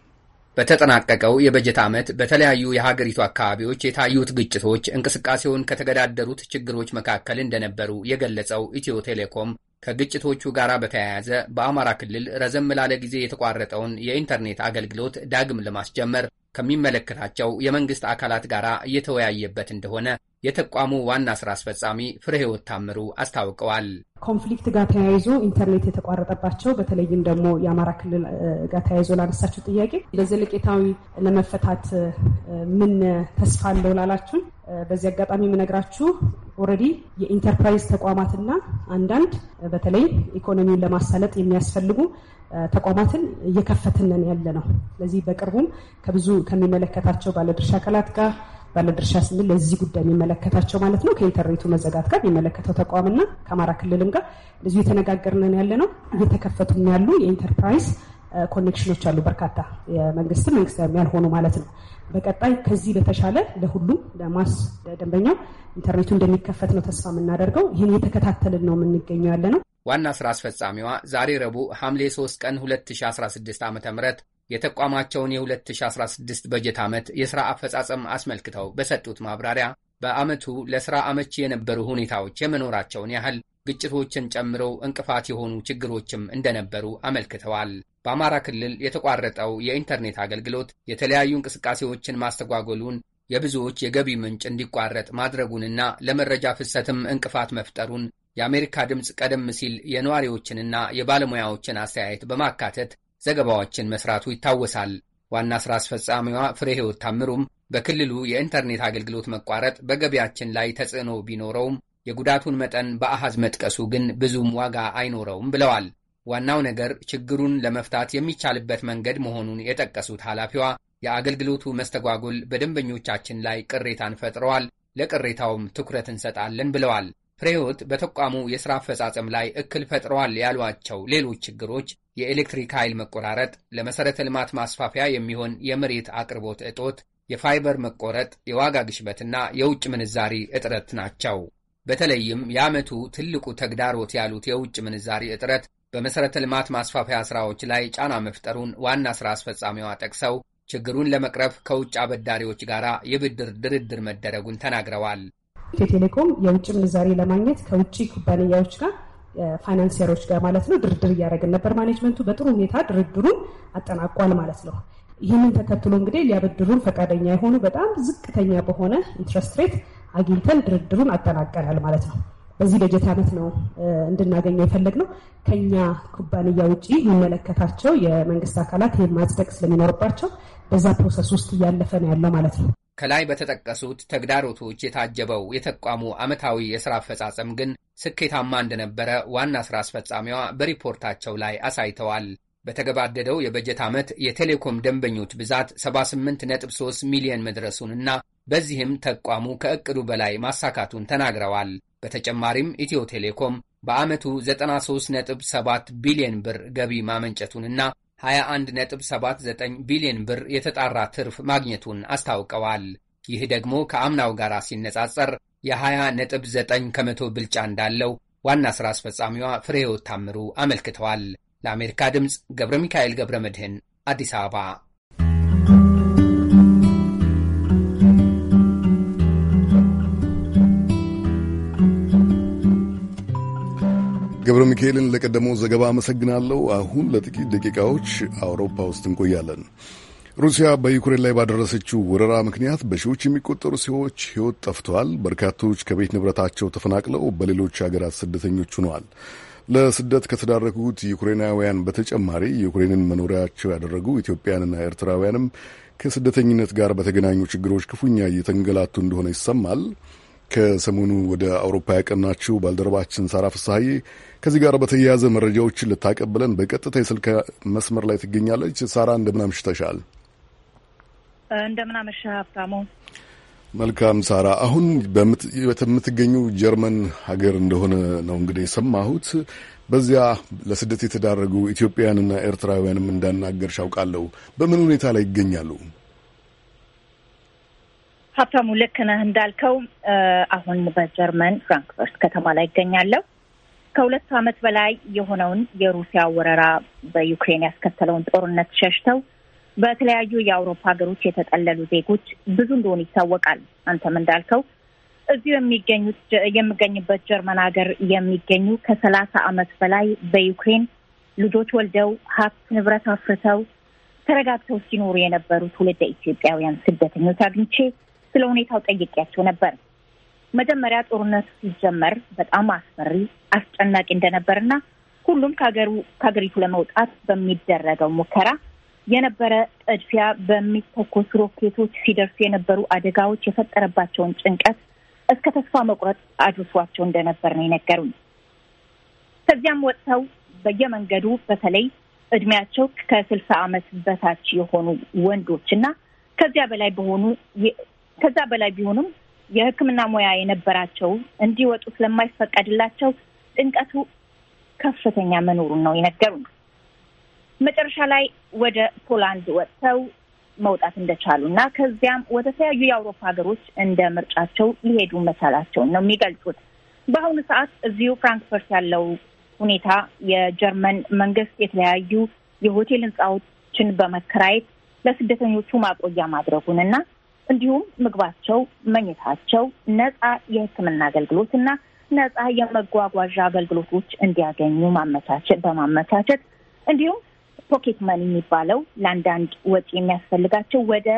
[SPEAKER 8] በተጠናቀቀው የበጀት ዓመት በተለያዩ የሀገሪቱ አካባቢዎች የታዩት ግጭቶች እንቅስቃሴውን ከተገዳደሩት ችግሮች መካከል እንደነበሩ የገለጸው ኢትዮ ቴሌኮም ከግጭቶቹ ጋር በተያያዘ በአማራ ክልል ረዘም ላለ ጊዜ የተቋረጠውን የኢንተርኔት አገልግሎት ዳግም ለማስጀመር ከሚመለከታቸው የመንግሥት አካላት ጋር እየተወያየበት እንደሆነ የተቋሙ ዋና ስራ አስፈጻሚ ፍሬህይወት ታምሩ አስታውቀዋል።
[SPEAKER 9] ኮንፍሊክት ጋር ተያይዞ ኢንተርኔት የተቋረጠባቸው በተለይም ደግሞ የአማራ ክልል ጋር ተያይዞ ላነሳችሁ ጥያቄ በዘለቄታዊ ለመፈታት ምን ተስፋ አለው ላላችሁን በዚህ አጋጣሚ የምነግራችሁ ኦልሬዲ የኢንተርፕራይዝ ተቋማትና አንዳንድ በተለይ ኢኮኖሚውን ለማሳለጥ የሚያስፈልጉ ተቋማትን እየከፈትነን ያለ ነው። ስለዚህ በቅርቡም ከብዙ ከሚመለከታቸው ባለድርሻ አካላት ጋር ባለድርሻ ስንል ለዚህ ጉዳይ የሚመለከታቸው ማለት ነው ከኢንተርኔቱ መዘጋት ጋር የሚመለከተው ተቋምና ከአማራ ክልልም ጋር እንደዚሁ የተነጋገርነን ያለ ነው። እየተከፈቱም ያሉ የኢንተርፕራይዝ ኮኔክሽኖች አሉ በርካታ የመንግስትም መንግስት ያልሆኑ ማለት ነው። በቀጣይ ከዚህ በተሻለ ለሁሉም ለማስ ደንበኛው ኢንተርኔቱ እንደሚከፈት ነው ተስፋ የምናደርገው። ይህን እየተከታተልን ነው የምንገኘው ያለ ነው።
[SPEAKER 8] ዋና ስራ አስፈጻሚዋ ዛሬ ረቡዕ ሐምሌ 3 ቀን 2016 ዓ ም የተቋማቸውን የ2016 በጀት ዓመት የሥራ አፈጻጸም አስመልክተው በሰጡት ማብራሪያ በዓመቱ ለሥራ አመቺ የነበሩ ሁኔታዎች የመኖራቸውን ያህል ግጭቶችን ጨምሮ እንቅፋት የሆኑ ችግሮችም እንደነበሩ አመልክተዋል። በአማራ ክልል የተቋረጠው የኢንተርኔት አገልግሎት የተለያዩ እንቅስቃሴዎችን ማስተጓጎሉን፣ የብዙዎች የገቢ ምንጭ እንዲቋረጥ ማድረጉንና ለመረጃ ፍሰትም እንቅፋት መፍጠሩን የአሜሪካ ድምፅ ቀደም ሲል የነዋሪዎችንና የባለሙያዎችን አስተያየት በማካተት ዘገባዎችን መስራቱ ይታወሳል። ዋና ስራ አስፈጻሚዋ ፍሬሕይወት ታምሩም በክልሉ የኢንተርኔት አገልግሎት መቋረጥ በገቢያችን ላይ ተጽዕኖ ቢኖረውም የጉዳቱን መጠን በአሃዝ መጥቀሱ ግን ብዙም ዋጋ አይኖረውም ብለዋል። ዋናው ነገር ችግሩን ለመፍታት የሚቻልበት መንገድ መሆኑን የጠቀሱት ኃላፊዋ የአገልግሎቱ መስተጓጎል በደንበኞቻችን ላይ ቅሬታን ፈጥረዋል፣ ለቅሬታውም ትኩረት እንሰጣለን ብለዋል። ፍሬህይወት በተቋሙ የሥራ አፈጻጸም ላይ እክል ፈጥረዋል ያሏቸው ሌሎች ችግሮች የኤሌክትሪክ ኃይል መቆራረጥ፣ ለመሠረተ ልማት ማስፋፊያ የሚሆን የመሬት አቅርቦት እጦት፣ የፋይበር መቆረጥ፣ የዋጋ ግሽበትና የውጭ ምንዛሪ እጥረት ናቸው። በተለይም የዓመቱ ትልቁ ተግዳሮት ያሉት የውጭ ምንዛሪ እጥረት በመሠረተ ልማት ማስፋፊያ ሥራዎች ላይ ጫና መፍጠሩን ዋና ሥራ አስፈጻሚዋ ጠቅሰው ችግሩን ለመቅረፍ ከውጭ አበዳሪዎች ጋር የብድር ድርድር መደረጉን ተናግረዋል።
[SPEAKER 9] ኢትዮ ቴሌኮም የውጭ ምንዛሬ ለማግኘት ከውጭ ኩባንያዎች ጋር ፋይናንሲሮች ጋር ማለት ነው ድርድር እያደረግን ነበር። ማኔጅመንቱ በጥሩ ሁኔታ ድርድሩን አጠናቋል ማለት ነው። ይህንን ተከትሎ እንግዲህ ሊያበድሩን ፈቃደኛ የሆኑ በጣም ዝቅተኛ በሆነ ኢንትረስት ሬት አግኝተን ድርድሩን አጠናቀናል ማለት ነው። በዚህ በጀት ዓመት ነው እንድናገኘው የፈለግነው። ከኛ ኩባንያ ውጭ የሚመለከታቸው የመንግስት አካላት ይህን ማጽደቅ ስለሚኖርባቸው በዛ ፕሮሰስ ውስጥ እያለፈ ነው ያለው ማለት ነው።
[SPEAKER 8] ከላይ በተጠቀሱት ተግዳሮቶች የታጀበው የተቋሙ ዓመታዊ የስራ አፈጻጸም ግን ስኬታማ እንደነበረ ዋና ሥራ አስፈጻሚዋ በሪፖርታቸው ላይ አሳይተዋል። በተገባደደው የበጀት ዓመት የቴሌኮም ደንበኞች ብዛት 78.3 ሚሊዮን መድረሱንና በዚህም ተቋሙ ከዕቅዱ በላይ ማሳካቱን ተናግረዋል። በተጨማሪም ኢትዮ ቴሌኮም በዓመቱ 93.7 ቢሊዮን ብር ገቢ ማመንጨቱንና 21.79 ቢሊዮን ብር የተጣራ ትርፍ ማግኘቱን አስታውቀዋል። ይህ ደግሞ ከአምናው ጋር ሲነጻጸር የ20 ነጥብ 9 ከመቶ ብልጫ እንዳለው ዋና ሥራ አስፈጻሚዋ ፍሬሕይወት ታምሩ አመልክተዋል። ለአሜሪካ ድምፅ ገብረ ሚካኤል ገብረ መድህን አዲስ አበባ።
[SPEAKER 1] ገብረ ሚካኤልን ለቀደመው ዘገባ አመሰግናለሁ። አሁን ለጥቂት ደቂቃዎች አውሮፓ ውስጥ እንቆያለን። ሩሲያ በዩክሬን ላይ ባደረሰችው ወረራ ምክንያት በሺዎች የሚቆጠሩ ሰዎች ሕይወት ጠፍተዋል። በርካቶች ከቤት ንብረታቸው ተፈናቅለው በሌሎች ሀገራት ስደተኞች ሆነዋል። ለስደት ከተዳረጉት ዩክሬናውያን በተጨማሪ ዩክሬንን መኖሪያቸው ያደረጉ ኢትዮጵያንና ኤርትራውያንም ከስደተኝነት ጋር በተገናኙ ችግሮች ክፉኛ እየተንገላቱ እንደሆነ ይሰማል። ከሰሞኑ ወደ አውሮፓ ያቀናችው ባልደረባችን ሳራ ፍሳሐዬ ከዚህ ጋር በተያያዘ መረጃዎችን ልታቀብለን በቀጥታ የስልክ መስመር ላይ ትገኛለች። ሳራ እንደምን አምሽተሻል?
[SPEAKER 10] እንደምን አመሸህ ሀብታሙ።
[SPEAKER 1] መልካም ሳራ፣ አሁን የምትገኙ ጀርመን ሀገር እንደሆነ ነው እንግዲህ የሰማሁት። በዚያ ለስደት የተዳረጉ ኢትዮጵያውያንና ኤርትራውያንም እንዳናገርሽ አውቃለሁ። በምን ሁኔታ ላይ ይገኛሉ?
[SPEAKER 10] ሀብታሙ፣ ልክ ነህ እንዳልከው አሁን በጀርመን ፍራንክፈርት ከተማ ላይ ይገኛለሁ። ከሁለት ዓመት በላይ የሆነውን የሩሲያ ወረራ በዩክሬን ያስከተለውን ጦርነት ሸሽተው በተለያዩ የአውሮፓ ሀገሮች የተጠለሉ ዜጎች ብዙ እንደሆኑ ይታወቃል። አንተም እንዳልከው እዚሁ የሚገኙት የምገኝበት ጀርመን ሀገር የሚገኙ ከሰላሳ አመት በላይ በዩክሬን ልጆች ወልደው ሀብት ንብረት አፍርተው ተረጋግተው ሲኖሩ የነበሩ ትውልደ ኢትዮጵያውያን ስደተኞች አግኝቼ ስለ ሁኔታው ጠይቄያቸው ነበር። መጀመሪያ ጦርነቱ ሲጀመር በጣም አስፈሪ አስጨናቂ እንደነበርና ሁሉም ከሀገሪቱ ለመውጣት በሚደረገው ሙከራ የነበረ ጠድፊያ፣ በሚተኮስ ሮኬቶች ሲደርሱ የነበሩ አደጋዎች የፈጠረባቸውን ጭንቀት እስከ ተስፋ መቁረጥ አድርሷቸው እንደነበር ነው የነገሩኝ። ከዚያም ወጥተው በየመንገዱ በተለይ እድሜያቸው ከስልሳ ዓመት በታች የሆኑ ወንዶች እና ከዚያ በላይ በሆኑ ከዛ በላይ ቢሆኑም የሕክምና ሙያ የነበራቸው እንዲወጡ ስለማይፈቀድላቸው ጭንቀቱ ከፍተኛ መኖሩን ነው የነገሩን። መጨረሻ ላይ ወደ ፖላንድ ወጥተው መውጣት እንደቻሉ እና ከዚያም ወደ ተለያዩ የአውሮፓ ሀገሮች እንደ ምርጫቸው ሊሄዱ መቻላቸውን ነው የሚገልጹት። በአሁኑ ሰዓት እዚሁ ፍራንክፈርት ያለው ሁኔታ የጀርመን መንግስት የተለያዩ የሆቴል ህንፃዎችን በመከራየት ለስደተኞቹ ማቆያ ማድረጉን እና እንዲሁም ምግባቸው፣ መኝታቸው፣ ነፃ የሕክምና አገልግሎት እና ነፃ የመጓጓዣ አገልግሎቶች እንዲያገኙ ማመቻቸት በማመቻቸት እንዲሁም ፖኬት መኒ የሚባለው ለአንዳንድ ወጪ የሚያስፈልጋቸው ወደ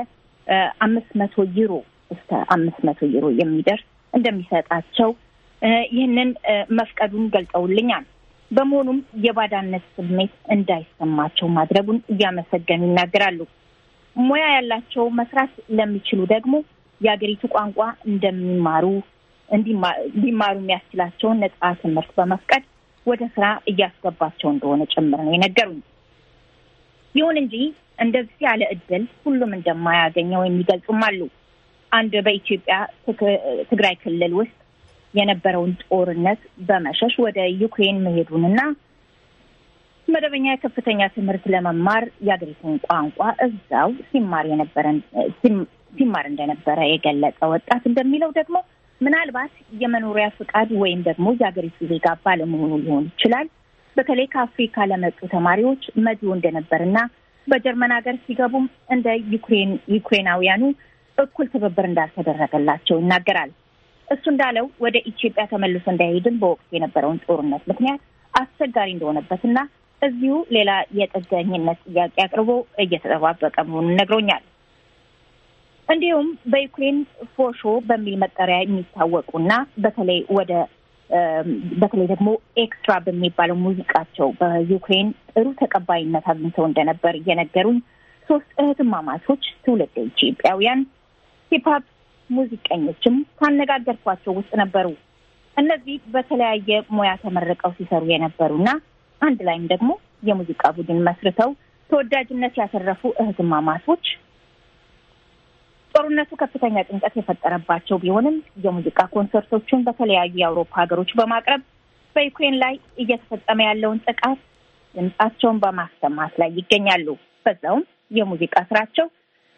[SPEAKER 10] አምስት መቶ ዩሮ እስከ አምስት መቶ ዩሮ የሚደርስ እንደሚሰጣቸው ይህንን መፍቀዱን ገልጸውልኛል። በመሆኑም የባዳነት ስሜት እንዳይሰማቸው ማድረጉን እያመሰገኑ ይናገራሉ። ሙያ ያላቸው መስራት ለሚችሉ ደግሞ የሀገሪቱ ቋንቋ እንደሚማሩ እንዲማሩ የሚያስችላቸውን ነጻ ትምህርት በመፍቀድ ወደ ስራ እያስገባቸው እንደሆነ ጭምር ነው የነገሩኝ። ይሁን እንጂ እንደዚህ ያለ እድል ሁሉም እንደማያገኘው የሚገልጹም አሉ። አንድ በኢትዮጵያ ትግራይ ክልል ውስጥ የነበረውን ጦርነት በመሸሽ ወደ ዩክሬን መሄዱንና መደበኛ የከፍተኛ ትምህርት ለመማር የአገሪቱን ቋንቋ እዛው ሲማር የነበረን ሲማር እንደነበረ የገለጸ ወጣት እንደሚለው ደግሞ ምናልባት የመኖሪያ ፍቃድ ወይም ደግሞ የአገሪቱ ዜጋ ባለመሆኑ ሊሆን ይችላል በተለይ ከአፍሪካ ለመጡ ተማሪዎች መድሎ እንደነበርና በጀርመን ሀገር ሲገቡም እንደ ዩክሬን ዩክሬናውያኑ እኩል ትብብር እንዳልተደረገላቸው ይናገራል። እሱ እንዳለው ወደ ኢትዮጵያ ተመልሶ እንዳይሄድም በወቅቱ የነበረውን ጦርነት ምክንያት አስቸጋሪ እንደሆነበትና እዚሁ ሌላ የጥገኝነት ጥያቄ አቅርቦ እየተጠባበቀ መሆኑን ነግሮኛል። እንዲሁም በዩክሬን ፎሾ በሚል መጠሪያ የሚታወቁና በተለይ ወደ በተለይ ደግሞ ኤክስትራ በሚባለው ሙዚቃቸው በዩክሬን ጥሩ ተቀባይነት አግኝተው እንደነበር እየነገሩኝ ሶስት እህትማማቾች ትውልድ ኢትዮጵያውያን ሂፕሀፕ ሙዚቀኞችም ካነጋገርኳቸው ውስጥ ነበሩ። እነዚህ በተለያየ ሙያ ተመርቀው ሲሰሩ የነበሩ እና አንድ ላይም ደግሞ የሙዚቃ ቡድን መስርተው ተወዳጅነት ያተረፉ እህትማማቾች ጦርነቱ ከፍተኛ ጭንቀት የፈጠረባቸው ቢሆንም የሙዚቃ ኮንሰርቶችን በተለያዩ የአውሮፓ ሀገሮች በማቅረብ በዩክሬን ላይ እየተፈጸመ ያለውን ጥቃት ድምጻቸውን በማሰማት ላይ ይገኛሉ። በዛውም የሙዚቃ ስራቸው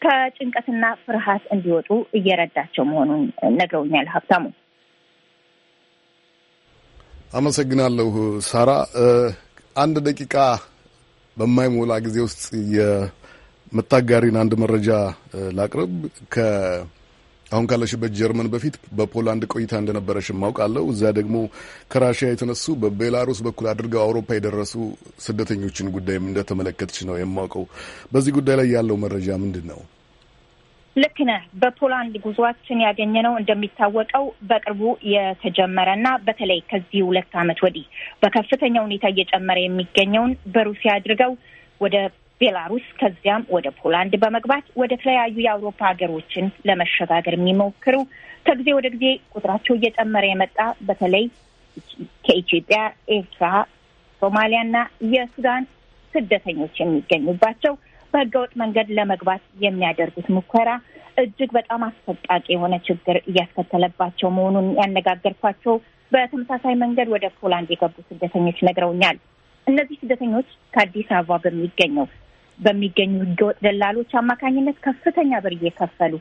[SPEAKER 10] ከጭንቀትና ፍርሃት እንዲወጡ እየረዳቸው መሆኑን ነግረውኛል። ሀብታሙ
[SPEAKER 1] አመሰግናለሁ። ሳራ አንድ ደቂቃ በማይሞላ ጊዜ ውስጥ መታጋሪን አንድ መረጃ ላቅርብ። አሁን ካለሽበት ጀርመን በፊት በፖላንድ ቆይታ እንደነበረሽ ማውቃለሁ። እዚያ ደግሞ ከራሽያ የተነሱ በቤላሩስ በኩል አድርገው አውሮፓ የደረሱ ስደተኞችን ጉዳይም እንደተመለከትች ነው የማውቀው። በዚህ ጉዳይ ላይ ያለው መረጃ ምንድን ነው?
[SPEAKER 10] ልክ ነህ። በፖላንድ ጉዟችን ያገኘነው እንደሚታወቀው በቅርቡ የተጀመረ እና በተለይ ከዚህ ሁለት ዓመት ወዲህ በከፍተኛ ሁኔታ እየጨመረ የሚገኘውን በሩሲያ አድርገው ወደ ቤላሩስ ከዚያም ወደ ፖላንድ በመግባት ወደ ተለያዩ የአውሮፓ ሀገሮችን ለመሸጋገር የሚሞክሩ ከጊዜ ወደ ጊዜ ቁጥራቸው እየጨመረ የመጣ በተለይ ከኢትዮጵያ፣ ኤርትራ፣ ሶማሊያና የሱዳን ስደተኞች የሚገኙባቸው በህገወጥ መንገድ ለመግባት የሚያደርጉት ሙከራ እጅግ በጣም አስፈቃቂ የሆነ ችግር እያስከተለባቸው መሆኑን ያነጋገርኳቸው በተመሳሳይ መንገድ ወደ ፖላንድ የገቡ ስደተኞች ነግረውኛል። እነዚህ ስደተኞች ከአዲስ አበባ በሚገኘው በሚገኙ ህገወጥ ደላሎች አማካኝነት ከፍተኛ ብር እየከፈሉ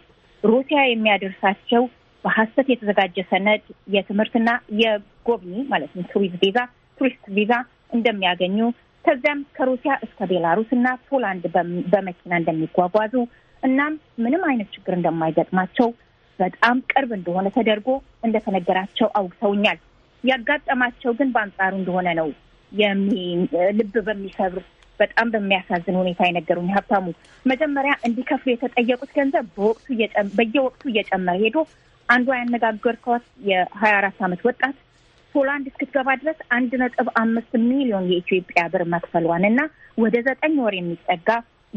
[SPEAKER 10] ሩሲያ የሚያደርሳቸው በሀሰት የተዘጋጀ ሰነድ የትምህርትና የጎብኚ ማለት ነው ቱሪስት ቪዛ ቱሪስት ቪዛ እንደሚያገኙ ከዚያም ከሩሲያ እስከ ቤላሩስ እና ፖላንድ በመኪና እንደሚጓጓዙ እናም ምንም አይነት ችግር እንደማይገጥማቸው በጣም ቅርብ እንደሆነ ተደርጎ እንደተነገራቸው አውግተውኛል። ያጋጠማቸው ግን በአንጻሩ እንደሆነ ነው ልብ በሚሰብር በጣም በሚያሳዝን ሁኔታ የነገሩኝ ሀብታሙ፣ መጀመሪያ እንዲከፍሉ የተጠየቁት ገንዘብ በወቅቱ በየወቅቱ እየጨመረ ሄዶ አንዷ ያነጋገርኳት የሀያ አራት አመት ወጣት ፖላንድ እስክትገባ ድረስ አንድ ነጥብ አምስት ሚሊዮን የኢትዮጵያ ብር መክፈሏን እና ወደ ዘጠኝ ወር የሚጠጋ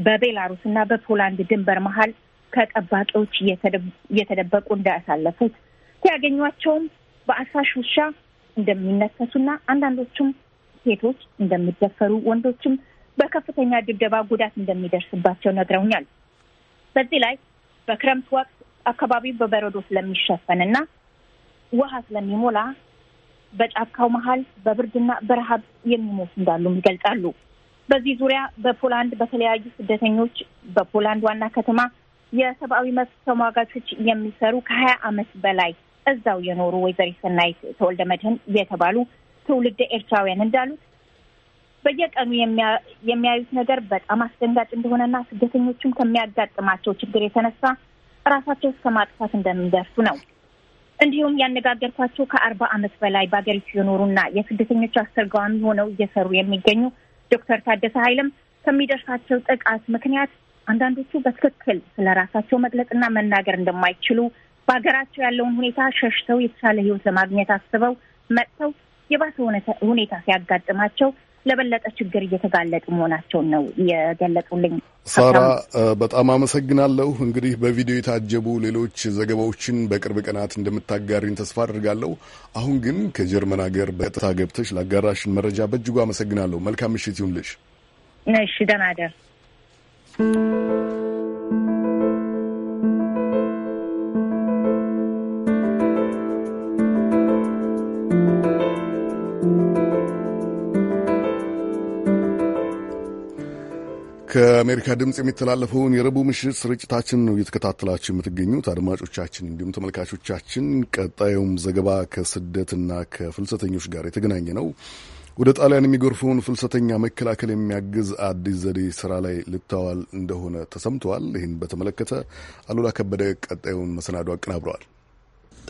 [SPEAKER 10] በቤላሩስ እና በፖላንድ ድንበር መሀል ከጠባቂዎች እየተደበቁ እንዳያሳለፉት ሲያገኟቸውም በአሳሽ ውሻ እንደሚነከሱና አንዳንዶቹም ሴቶች እንደሚደፈሩ ወንዶችም በከፍተኛ ድብደባ ጉዳት እንደሚደርስባቸው ነግረውኛል። በዚህ ላይ በክረምት ወቅት አካባቢው በበረዶ ስለሚሸፈን እና ውሃ ስለሚሞላ በጫካው መሀል በብርድና በረሃብ የሚሞት እንዳሉም ይገልጻሉ። በዚህ ዙሪያ በፖላንድ በተለያዩ ስደተኞች በፖላንድ ዋና ከተማ የሰብአዊ መብት ተሟጋቾች የሚሰሩ ከሀያ አመት በላይ እዛው የኖሩ ወይዘሪት ሰናይት ተወልደ መድህን የተባሉ ትውልደ ኤርትራውያን እንዳሉት በየቀኑ የሚያዩት ነገር በጣም አስደንጋጭ እንደሆነና ስደተኞቹም ከሚያጋጥማቸው ችግር የተነሳ ራሳቸው እስከ ማጥፋት እንደሚደርሱ ነው። እንዲሁም ያነጋገርኳቸው ከአርባ ዓመት በላይ በሀገሪቱ የኖሩና የስደተኞች አስተርጓሚ ሆነው እየሰሩ የሚገኙ ዶክተር ታደሰ ሀይልም ከሚደርሳቸው ጥቃት ምክንያት አንዳንዶቹ በትክክል ስለ ራሳቸው መግለጽና መናገር እንደማይችሉ በሀገራቸው ያለውን ሁኔታ ሸሽተው የተሻለ ሕይወት ለማግኘት አስበው መጥተው የባሰ ሁኔታ ሲያጋጥማቸው ለበለጠ ችግር እየተጋለጡ መሆናቸውን ነው የገለጡልኝ። ሳራ
[SPEAKER 1] በጣም አመሰግናለሁ። እንግዲህ በቪዲዮ የታጀቡ ሌሎች ዘገባዎችን በቅርብ ቀናት እንደምታጋሪን ተስፋ አድርጋለሁ። አሁን ግን ከጀርመን ሀገር በቀጥታ ገብተሽ ላጋራሽን መረጃ በእጅጉ አመሰግናለሁ። መልካም ምሽት ይሁንልሽ። እሺ ደህና ከአሜሪካ ድምፅ የሚተላለፈውን የረቡዕ ምሽት ስርጭታችን ነው እየተከታተላችሁ የምትገኙት አድማጮቻችን፣ እንዲሁም ተመልካቾቻችን። ቀጣዩም ዘገባ ከስደትና ከፍልሰተኞች ጋር የተገናኘ ነው። ወደ ጣሊያን የሚጎርፈውን ፍልሰተኛ መከላከል የሚያግዝ አዲስ ዘዴ ስራ ላይ ልታዋል እንደሆነ ተሰምተዋል። ይህን በተመለከተ አሉላ ከበደ ቀጣዩን መሰናዶ አቀናብረዋል።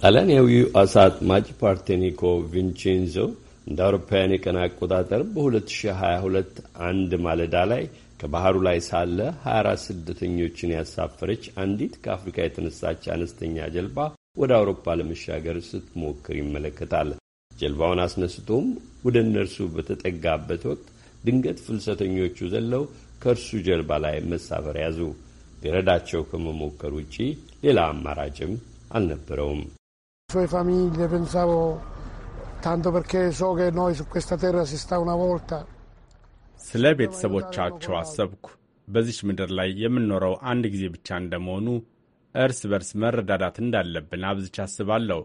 [SPEAKER 11] ጣሊያናዊው አሳ አጥማጅ ፓርቴኒኮ ቪንቼንዞ እንደ አውሮፓውያን የቀን አቆጣጠር በ2022 አንድ ማለዳ ላይ ከባህሩ ላይ ሳለ 24 ስደተኞችን ያሳፈረች አንዲት ከአፍሪካ የተነሳች አነስተኛ ጀልባ ወደ አውሮፓ ለመሻገር ስትሞክር ይመለከታል። ጀልባውን አስነስቶም ወደ እነርሱ በተጠጋበት ወቅት ድንገት ፍልሰተኞቹ ዘለው ከእርሱ ጀልባ ላይ መሳፈር ያዙ። ሊረዳቸው ከመሞከር ውጪ ሌላ አማራጭም አልነበረውም።
[SPEAKER 7] ታንቶ ፐርኬ ሶ ኖይ ሱ ኩስታ ቴራ ሲስታ ና ቮልታ
[SPEAKER 3] ስለ ቤተሰቦቻቸው አሰብኩ። በዚች ምድር ላይ የምንኖረው አንድ ጊዜ ብቻ እንደመሆኑ እርስ በርስ መረዳዳት እንዳለብን አብዝች አስባለሁ።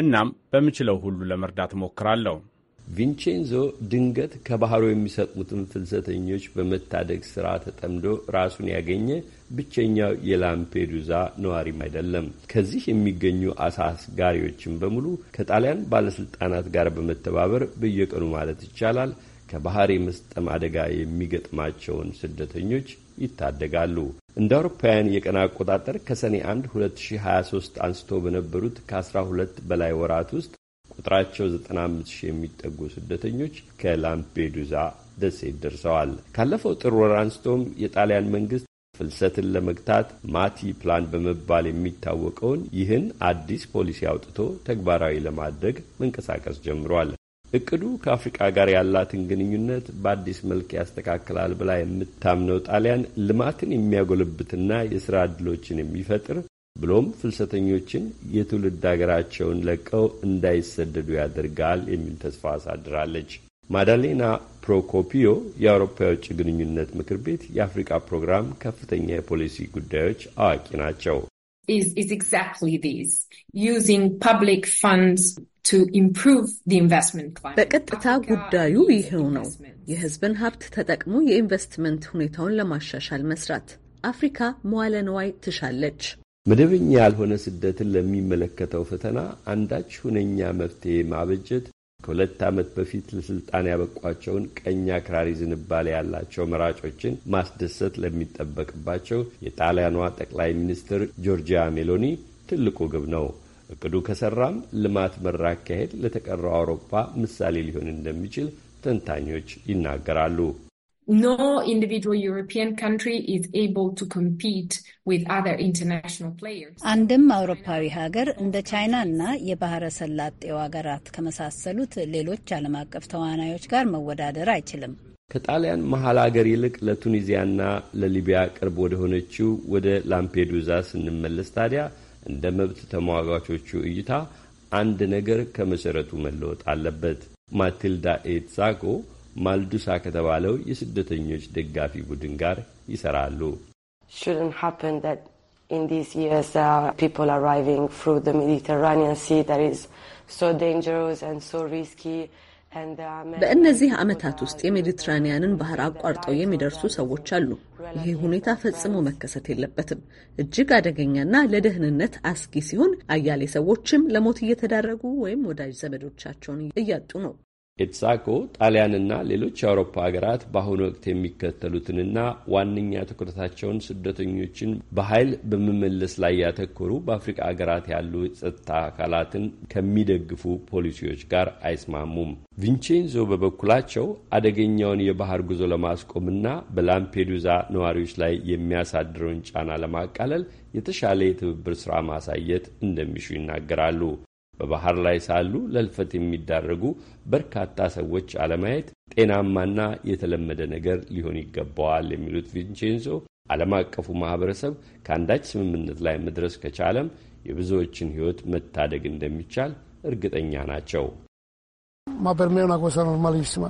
[SPEAKER 3] እናም በምችለው ሁሉ ለመርዳት እሞክራለሁ።
[SPEAKER 11] ቪንቼንዞ ድንገት ከባህሩ የሚሰጡትን ፍልሰተኞች በመታደግ ሥራ ተጠምዶ ራሱን ያገኘ ብቸኛው የላምፔዱዛ ነዋሪም አይደለም። ከዚህ የሚገኙ አሳ አስጋሪዎችን በሙሉ ከጣሊያን ባለሥልጣናት ጋር በመተባበር በየቀኑ ማለት ይቻላል ከባህር የመስጠም አደጋ የሚገጥማቸውን ስደተኞች ይታደጋሉ። እንደ አውሮፓውያን የቀን አቆጣጠር ከሰኔ 1 2023 አንስቶ በነበሩት ከ12 በላይ ወራት ውስጥ ቁጥራቸው 95 የሚጠጉ ስደተኞች ከላምፔዱዛ ደሴት ደርሰዋል። ካለፈው ጥር ወር አንስቶም የጣሊያን መንግስት ፍልሰትን ለመግታት ማቲ ፕላን በመባል የሚታወቀውን ይህን አዲስ ፖሊሲ አውጥቶ ተግባራዊ ለማድረግ መንቀሳቀስ ጀምሯል። እቅዱ ከአፍሪቃ ጋር ያላትን ግንኙነት በአዲስ መልክ ያስተካክላል ብላ የምታምነው ጣሊያን ልማትን የሚያጎለብትና የሥራ ዕድሎችን የሚፈጥር ብሎም ፍልሰተኞችን የትውልድ አገራቸውን ለቀው እንዳይሰደዱ ያደርጋል የሚል ተስፋ አሳድራለች። ማዳሌና ፕሮኮፒዮ የአውሮፓ የውጭ ግንኙነት ምክር ቤት የአፍሪቃ ፕሮግራም ከፍተኛ የፖሊሲ ጉዳዮች አዋቂ ናቸው።
[SPEAKER 8] is, is exactly
[SPEAKER 9] this, using public funds
[SPEAKER 12] በቀጥታ ጉዳዩ ይኸው ነው። የህዝብን ሀብት ተጠቅሞ የኢንቨስትመንት ሁኔታውን ለማሻሻል መስራት። አፍሪካ መዋለ ነዋይ ትሻለች።
[SPEAKER 11] መደበኛ ያልሆነ ስደትን ለሚመለከተው ፈተና አንዳች ሁነኛ መፍትሄ ማበጀት ከሁለት ዓመት በፊት ለስልጣን ያበቋቸውን ቀኝ አክራሪ ዝንባሌ ያላቸው መራጮችን ማስደሰት ለሚጠበቅባቸው የጣሊያኗ ጠቅላይ ሚኒስትር ጆርጂያ ሜሎኒ ትልቁ ግብ ነው። እቅዱ ከሰራም ልማት መር አካሄድ ለተቀረው አውሮፓ ምሳሌ ሊሆን እንደሚችል ተንታኞች ይናገራሉ።
[SPEAKER 9] no individual European country is able to compete with other international
[SPEAKER 5] players. አንድም አውሮፓዊ ሀገር እንደ ቻይና እና የባህረ ሰላጤው ሀገራት ከመሳሰሉት ሌሎች ዓለም አቀፍ ተዋናዮች ጋር መወዳደር አይችልም።
[SPEAKER 11] ከጣሊያን መሀል አገር ይልቅ ለቱኒዚያና ለሊቢያ ቅርብ ወደ ሆነችው ወደ ላምፔዱዛ ስንመለስ ታዲያ እንደ መብት ተሟጋቾቹ እይታ አንድ ነገር ከመሰረቱ መለወጥ አለበት። ማቲልዳ ኤትሳኮ ማልዱሳ ከተባለው የስደተኞች ደጋፊ ቡድን ጋር ይሰራሉ።
[SPEAKER 12] uh, uh, በእነዚህ ዓመታት ውስጥ የሜዲትራኒያንን ባህር አቋርጠው የሚደርሱ ሰዎች አሉ። ይሄ ሁኔታ ፈጽሞ መከሰት የለበትም። እጅግ አደገኛና ለደህንነት አስጊ ሲሆን አያሌ ሰዎችም ለሞት እየተዳረጉ ወይም ወዳጅ ዘመዶቻቸውን እያጡ ነው።
[SPEAKER 11] ኤትሳኮ ጣሊያንና ሌሎች የአውሮፓ ሀገራት በአሁኑ ወቅት የሚከተሉትንና ዋነኛ ትኩረታቸውን ስደተኞችን በኃይል በመመለስ ላይ ያተኮሩ በአፍሪካ ሀገራት ያሉ ጸጥታ አካላትን ከሚደግፉ ፖሊሲዎች ጋር አይስማሙም። ቪንቼንዞ በበኩላቸው አደገኛውን የባህር ጉዞ ለማስቆምና በላምፔዱዛ ነዋሪዎች ላይ የሚያሳድረውን ጫና ለማቃለል የተሻለ የትብብር ስራ ማሳየት እንደሚሹ ይናገራሉ። በባህር ላይ ሳሉ ለልፈት የሚዳረጉ በርካታ ሰዎች አለማየት ጤናማና የተለመደ ነገር ሊሆን ይገባዋል የሚሉት ቪንቼንዞ ዓለም አቀፉ ማህበረሰብ ከአንዳች ስምምነት ላይ መድረስ ከቻለም የብዙዎችን ሕይወት መታደግ እንደሚቻል እርግጠኛ ናቸው።
[SPEAKER 6] ማ ፐር ሜ
[SPEAKER 7] ና ፐርሶኔ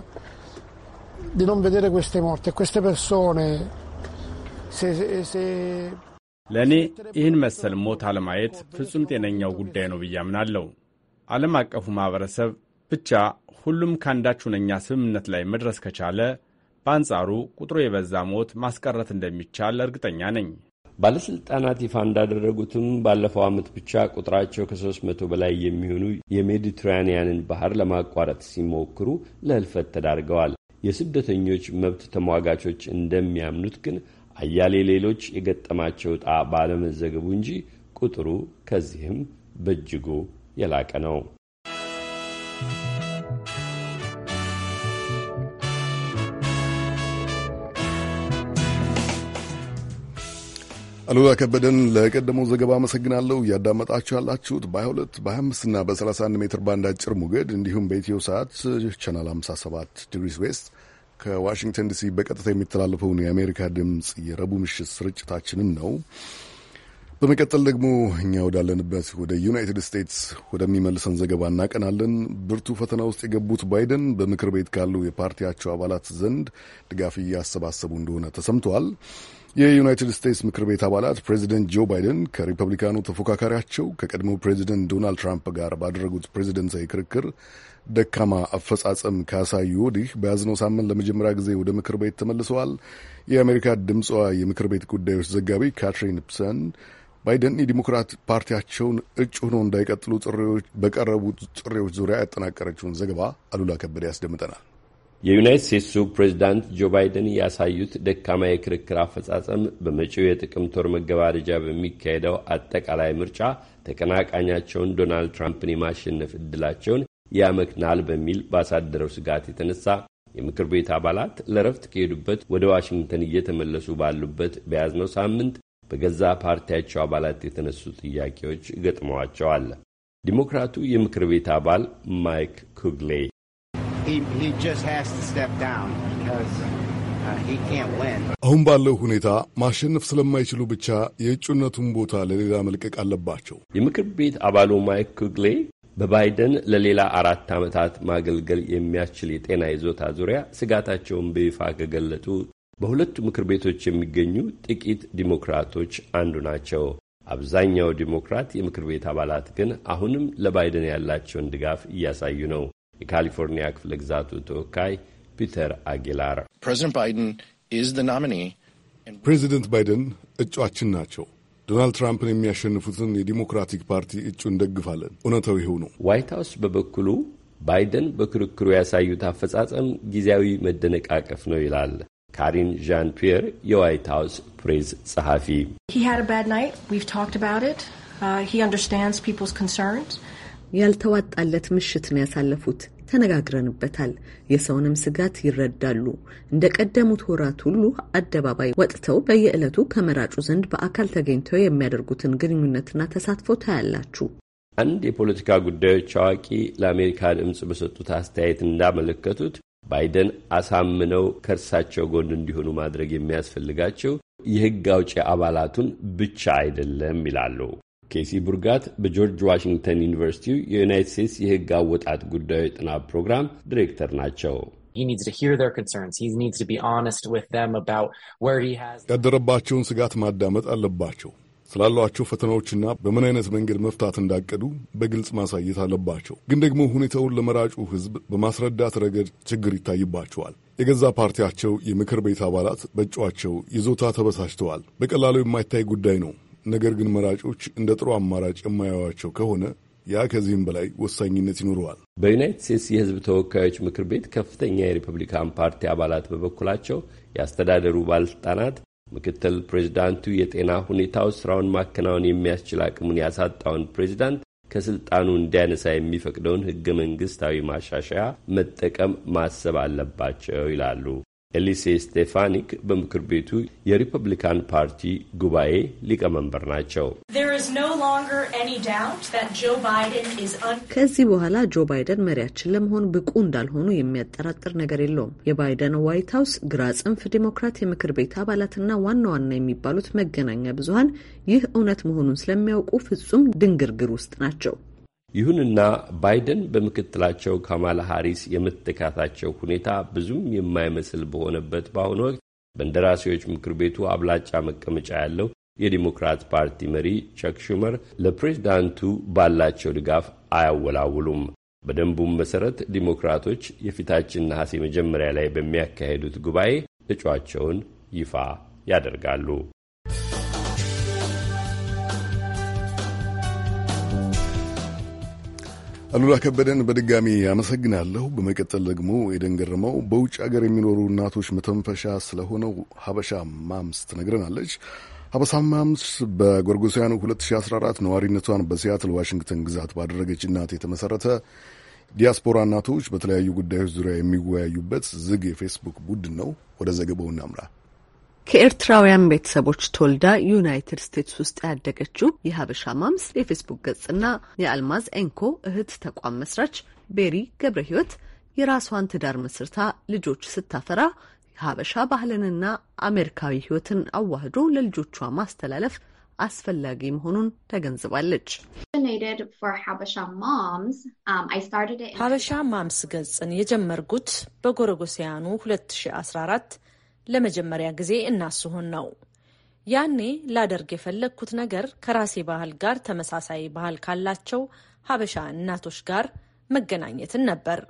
[SPEAKER 3] ለእኔ ይህን መሰል ሞት አለማየት ፍጹም ጤነኛው ጉዳይ ነው ብዬ አምናለሁ። ዓለም አቀፉ ማኅበረሰብ ብቻ ሁሉም ከአንዳች ሁነኛ ስምምነት ላይ መድረስ ከቻለ በአንጻሩ ቁጥሩ የበዛ ሞት ማስቀረት እንደሚቻል እርግጠኛ ነኝ።
[SPEAKER 11] ባለሥልጣናት ይፋ እንዳደረጉትም ባለፈው ዓመት ብቻ ቁጥራቸው ከሦስት መቶ በላይ የሚሆኑ የሜዲትራኒያንን ባህር ለማቋረጥ ሲሞክሩ ለህልፈት ተዳርገዋል። የስደተኞች መብት ተሟጋቾች እንደሚያምኑት ግን አያሌ ሌሎች የገጠማቸው ዕጣ ባለመዘገቡ እንጂ ቁጥሩ ከዚህም በእጅጉ የላቀ ነው።
[SPEAKER 1] አሉላ ከበደን ለቀደመው ዘገባ አመሰግናለሁ። እያዳመጣችሁ ያላችሁት በ22 በ25ና በ31 ሜትር ባንድ አጭር ሞገድ እንዲሁም በኢትዮ ሰዓት ቻናል 57 ዲግሪስ ዌስት ከዋሽንግተን ዲሲ በቀጥታ የሚተላለፈውን የአሜሪካ ድምፅ የረቡዕ ምሽት ስርጭታችንን ነው። በመቀጠል ደግሞ እኛ ወዳለንበት ወደ ዩናይትድ ስቴትስ ወደሚመልሰን ዘገባ እናቀናለን። ብርቱ ፈተና ውስጥ የገቡት ባይደን በምክር ቤት ካሉ የፓርቲያቸው አባላት ዘንድ ድጋፍ እያሰባሰቡ እንደሆነ ተሰምተዋል። የዩናይትድ ስቴትስ ምክር ቤት አባላት ፕሬዚደንት ጆ ባይደን ከሪፐብሊካኑ ተፎካካሪያቸው ከቀድሞ ፕሬዚደንት ዶናልድ ትራምፕ ጋር ባደረጉት ፕሬዚደንታዊ ክርክር ደካማ አፈጻጸም ካሳዩ ወዲህ በያዝነው ሳምንት ለመጀመሪያ ጊዜ ወደ ምክር ቤት ተመልሰዋል። የአሜሪካ ድምጿ የምክር ቤት ጉዳዮች ዘጋቢ ካትሪን ፕሰን ባይደን የዲሞክራት ፓርቲያቸውን እጩ ሆነው እንዳይቀጥሉ በቀረቡ ጥሪዎች ዙሪያ ያጠናቀረችውን ዘገባ አሉላ ከበደ ያስደምጠናል።
[SPEAKER 11] የዩናይት ስቴትሱ ፕሬዚዳንት ጆ ባይደን ያሳዩት ደካማ የክርክር አፈጻጸም በመጪው የጥቅምት ወር መገባደጃ በሚካሄደው አጠቃላይ ምርጫ ተቀናቃኛቸውን ዶናልድ ትራምፕን የማሸነፍ እድላቸውን ያመክናል በሚል ባሳደረው ስጋት የተነሳ የምክር ቤት አባላት ለረፍት ከሄዱበት ወደ ዋሽንግተን እየተመለሱ ባሉበት በያዝነው ሳምንት በገዛ ፓርቲያቸው አባላት የተነሱ ጥያቄዎች ገጥመዋቸዋል። ዲሞክራቱ የምክር ቤት አባል ማይክ ኩግሌ
[SPEAKER 4] uh,
[SPEAKER 1] አሁን ባለው ሁኔታ ማሸነፍ ስለማይችሉ ብቻ የእጩነቱን ቦታ ለሌላ መልቀቅ አለባቸው።
[SPEAKER 11] የምክር ቤት አባሉ ማይክ ኩግሌ በባይደን ለሌላ አራት ዓመታት ማገልገል የሚያስችል የጤና ይዞታ ዙሪያ ስጋታቸውን በይፋ ከገለጡ በሁለቱ ምክር ቤቶች የሚገኙ ጥቂት ዲሞክራቶች አንዱ ናቸው። አብዛኛው ዲሞክራት የምክር ቤት አባላት ግን አሁንም ለባይደን ያላቸውን ድጋፍ እያሳዩ ነው። የካሊፎርኒያ ክፍለ ግዛቱ ተወካይ ፒተር አጊላር
[SPEAKER 1] ፕሬዚደንት ባይደን እጩአችን ናቸው ዶናልድ ትራምፕን የሚያሸንፉትን የዲሞክራቲክ ፓርቲ እጩ እንደግፋለን። እውነታው ይኸው ነው። ዋይት ሀውስ በበኩሉ ባይደን በክርክሩ
[SPEAKER 11] ያሳዩት አፈጻጸም ጊዜያዊ መደነቃቀፍ ነው ይላል። ካሪን ዣን ፒየር የዋይት ሀውስ ፕሬዝ ጸሐፊ
[SPEAKER 12] uh, ያልተዋጣለት ምሽት ነው ያሳለፉት። ተነጋግረንበታል። የሰውንም ስጋት ይረዳሉ። እንደ ቀደሙት ወራት ሁሉ አደባባይ ወጥተው በየዕለቱ ከመራጩ ዘንድ በአካል ተገኝተው የሚያደርጉትን ግንኙነትና ተሳትፎ ታያላችሁ።
[SPEAKER 11] አንድ የፖለቲካ ጉዳዮች አዋቂ ለአሜሪካ ድምፅ በሰጡት አስተያየት እንዳመለከቱት ባይደን አሳምነው ከእርሳቸው ጎን እንዲሆኑ ማድረግ የሚያስፈልጋቸው የሕግ አውጪ አባላቱን ብቻ አይደለም ይላሉ። ኬሲ ቡርጋት በጆርጅ ዋሽንግተን ዩኒቨርሲቲ የዩናይት ስቴትስ የሕግ አወጣት ጉዳዮች ጥናት ፕሮግራም ዲሬክተር
[SPEAKER 1] ናቸው። ያደረባቸውን ስጋት ማዳመጥ አለባቸው። ስላሏቸው ፈተናዎችና በምን አይነት መንገድ መፍታት እንዳቀዱ በግልጽ ማሳየት አለባቸው። ግን ደግሞ ሁኔታውን ለመራጩ ሕዝብ በማስረዳት ረገድ ችግር ይታይባቸዋል። የገዛ ፓርቲያቸው የምክር ቤት አባላት በእጩአቸው ይዞታ ተበሳጭተዋል። በቀላሉ የማይታይ ጉዳይ ነው። ነገር ግን መራጮች እንደ ጥሩ አማራጭ የማያዩዋቸው ከሆነ ያ ከዚህም በላይ ወሳኝነት ይኖረዋል።
[SPEAKER 11] በዩናይትድ ስቴትስ የሕዝብ ተወካዮች ምክር ቤት ከፍተኛ የሪፐብሊካን ፓርቲ አባላት በበኩላቸው የአስተዳደሩ ባለስልጣናት ምክትል ፕሬዚዳንቱ የጤና ሁኔታው ስራውን ማከናወን የሚያስችል አቅሙን ያሳጣውን ፕሬዚዳንት ከስልጣኑ እንዲያነሳ የሚፈቅደውን ህገ መንግስታዊ ማሻሻያ መጠቀም ማሰብ አለባቸው ይላሉ። ኤሊሴ ስቴፋኒክ በምክር ቤቱ የሪፐብሊካን ፓርቲ ጉባኤ ሊቀመንበር ናቸው።
[SPEAKER 12] ከዚህ በኋላ ጆ ባይደን መሪያችን ለመሆን ብቁ እንዳልሆኑ የሚያጠራጥር ነገር የለውም። የባይደን ዋይት ሀውስ፣ ግራ ጽንፍ ዲሞክራት የምክር ቤት አባላትና ዋና ዋና የሚባሉት መገናኛ ብዙሀን ይህ እውነት መሆኑን ስለሚያውቁ ፍጹም ድንግርግር
[SPEAKER 11] ውስጥ ናቸው። ይሁንና ባይደን በምክትላቸው ካማላ ሃሪስ የመተካታቸው ሁኔታ ብዙም የማይመስል በሆነበት በአሁኑ ወቅት በእንደራሴዎች ምክር ቤቱ አብላጫ መቀመጫ ያለው የዲሞክራት ፓርቲ መሪ ቸክ ሹመር ለፕሬዝዳንቱ ባላቸው ድጋፍ አያወላውሉም። በደንቡም መሠረት ዲሞክራቶች የፊታችን ነሐሴ መጀመሪያ ላይ በሚያካሄዱት ጉባኤ እጩአቸውን ይፋ
[SPEAKER 1] ያደርጋሉ። አሉላ ከበደን በድጋሚ አመሰግናለሁ። በመቀጠል ደግሞ ኤደን ገረመው በውጭ ሀገር የሚኖሩ እናቶች መተንፈሻ ስለሆነው ሀበሻ ማምስ ትነግረናለች። ሀበሳ ማምስ በጎርጎሳውያኑ 2014 ነዋሪነቷን በሲያትል ዋሽንግተን ግዛት ባደረገች እናት የተመሰረተ ዲያስፖራ እናቶች በተለያዩ ጉዳዮች ዙሪያ የሚወያዩበት ዝግ የፌስቡክ ቡድን ነው። ወደ ዘገባው እናምራ።
[SPEAKER 12] ከኤርትራውያን ቤተሰቦች ተወልዳ ዩናይትድ ስቴትስ ውስጥ ያደገችው የሀበሻ ማምስ የፌስቡክ ገጽና የአልማዝ ኤንኮ እህት ተቋም መስራች ቤሪ ገብረ ህይወት የራሷን ትዳር መስርታ ልጆች ስታፈራ የሀበሻ ባህልንና አሜሪካዊ ህይወትን አዋህዶ ለልጆቿ ማስተላለፍ አስፈላጊ መሆኑን ተገንዝባለች።
[SPEAKER 4] um,
[SPEAKER 13] ሀበሻ ማምስ ገጽን የጀመርኩት በጎረጎሳውያኑ 2014 ለመጀመሪያ ጊዜ እናስሆን ነው። ያኔ ላደርግ የፈለግኩት ነገር ከራሴ ባህል ጋር ተመሳሳይ ባህል ካላቸው ሀበሻ እናቶች ጋር መገናኘትን ነበር።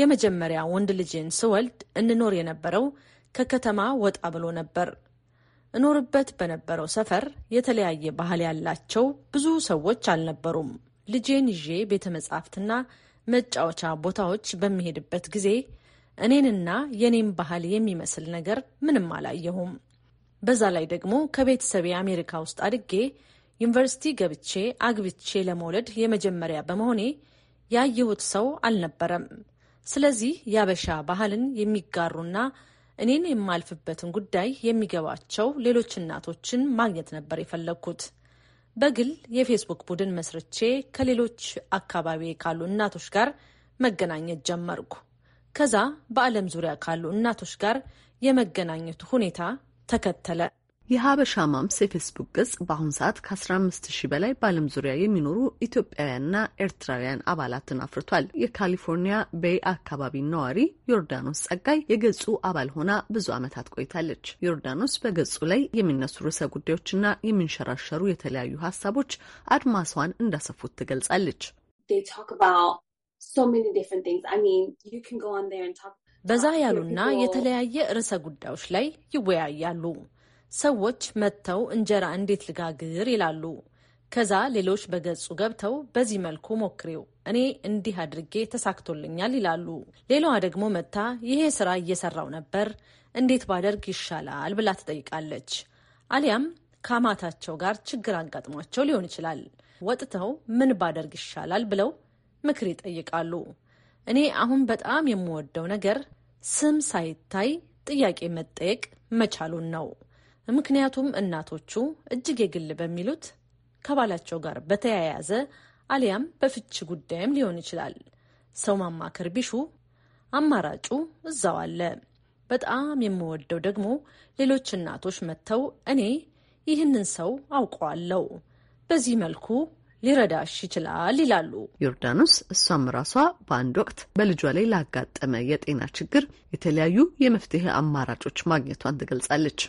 [SPEAKER 13] የመጀመሪያ ወንድ ልጄን ስወልድ እንኖር የነበረው ከከተማ ወጣ ብሎ ነበር። እኖርበት በነበረው ሰፈር የተለያየ ባህል ያላቸው ብዙ ሰዎች አልነበሩም። ልጄን ይዤ ቤተ መጻሕፍትና መጫወቻ ቦታዎች በሚሄድበት ጊዜ እኔንና የኔም ባህል የሚመስል ነገር ምንም አላየሁም። በዛ ላይ ደግሞ ከቤተሰቤ አሜሪካ ውስጥ አድጌ ዩኒቨርሲቲ ገብቼ አግብቼ ለመውለድ የመጀመሪያ በመሆኔ ያየሁት ሰው አልነበረም። ስለዚህ ያበሻ ባህልን የሚጋሩና እኔን የማልፍበትን ጉዳይ የሚገባቸው ሌሎች እናቶችን ማግኘት ነበር የፈለግኩት። በግል የፌስቡክ ቡድን መስርቼ ከሌሎች አካባቢ ካሉ እናቶች ጋር መገናኘት ጀመርኩ። ከዛ በዓለም ዙሪያ ካሉ እናቶች ጋር የመገናኘቱ ሁኔታ ተከተለ።
[SPEAKER 12] የሀበሻ ማምስ የፌስቡክ ገጽ በአሁን ሰዓት ከ15 ሺህ በላይ በዓለም ዙሪያ የሚኖሩ ኢትዮጵያውያንና ኤርትራውያን አባላትን አፍርቷል። የካሊፎርኒያ ቤይ አካባቢ ነዋሪ ዮርዳኖስ ጸጋይ የገጹ አባል ሆና ብዙ ዓመታት ቆይታለች። ዮርዳኖስ በገጹ ላይ የሚነሱ ርዕሰ ጉዳዮችና የሚንሸራሸሩ የተለያዩ ሀሳቦች አድማስዋን
[SPEAKER 13] እንዳሰፉት ትገልጻለች። በዛ ያሉና የተለያየ ርዕሰ ጉዳዮች ላይ ይወያያሉ። ሰዎች መጥተው እንጀራ እንዴት ልጋግር ይላሉ። ከዛ ሌሎች በገጹ ገብተው በዚህ መልኩ ሞክሬው እኔ እንዲህ አድርጌ ተሳክቶልኛል ይላሉ። ሌላዋ ደግሞ መታ ይሄ ስራ እየሰራው ነበር እንዴት ባደርግ ይሻላል ብላ ትጠይቃለች። አሊያም ከአማታቸው ጋር ችግር አጋጥሟቸው ሊሆን ይችላል። ወጥተው ምን ባደርግ ይሻላል ብለው ምክር ይጠይቃሉ። እኔ አሁን በጣም የምወደው ነገር ስም ሳይታይ ጥያቄ መጠየቅ መቻሉን ነው። ምክንያቱም እናቶቹ እጅግ የግል በሚሉት ከባላቸው ጋር በተያያዘ አሊያም በፍች ጉዳይም ሊሆን ይችላል ሰው ማማከር ቢሹ አማራጩ እዛው አለ። በጣም የምወደው ደግሞ ሌሎች እናቶች መጥተው እኔ ይህንን ሰው አውቀዋለሁ፣ በዚህ መልኩ ሊረዳሽ ይችላል ይላሉ።
[SPEAKER 12] ዮርዳኖስ እሷም ራሷ በአንድ ወቅት በልጇ ላይ ላጋጠመ የጤና ችግር የተለያዩ የመፍትሄ አማራጮች ማግኘቷን ትገልጻለች።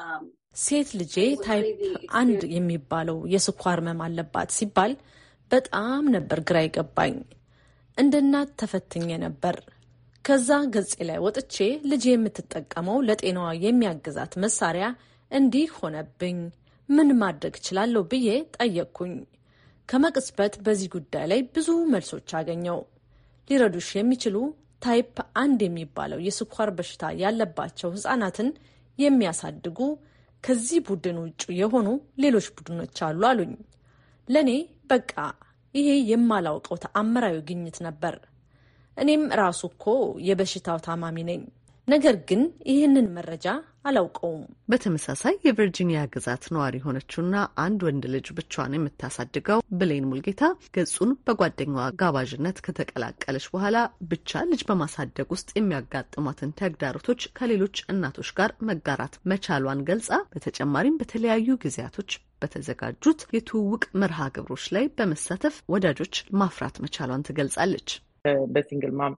[SPEAKER 13] um, ሴት ልጄ ታይፕ አንድ የሚባለው የስኳር ህመም አለባት ሲባል በጣም ነበር ግራ ይገባኝ። እንደ እናት ተፈትኜ ነበር። ከዛ ገጼ ላይ ወጥቼ ልጄ የምትጠቀመው ለጤናዋ የሚያግዛት መሳሪያ እንዲህ ሆነብኝ፣ ምን ማድረግ እችላለሁ ብዬ ጠየቅኩኝ። ከመቅስበት በዚህ ጉዳይ ላይ ብዙ መልሶች አገኘው። ሊረዱሽ የሚችሉ ታይፕ አንድ የሚባለው የስኳር በሽታ ያለባቸው ህጻናትን የሚያሳድጉ ከዚህ ቡድን ውጭ የሆኑ ሌሎች ቡድኖች አሉ አሉኝ። ለእኔ በቃ ይሄ የማላውቀው ተአምራዊ ግኝት ነበር። እኔም ራሱ እኮ የበሽታው ታማሚ ነኝ። ነገር ግን ይህንን መረጃ አላውቀውም።
[SPEAKER 12] በተመሳሳይ የቨርጂኒያ ግዛት ነዋሪ የሆነችውና አንድ ወንድ ልጅ ብቻዋን የምታሳድገው ብሌን ሙልጌታ ገጹን በጓደኛዋ ጋባዥነት ከተቀላቀለች በኋላ ብቻ ልጅ በማሳደግ ውስጥ የሚያጋጥሟትን ተግዳሮቶች ከሌሎች እናቶች ጋር መጋራት መቻሏን ገልጻ በተጨማሪም በተለያዩ ጊዜያቶች በተዘጋጁት የትውውቅ መርሃ ግብሮች ላይ በመሳተፍ ወዳጆች ማፍራት መቻሏን ትገልጻለች።
[SPEAKER 10] በሲንግል ማም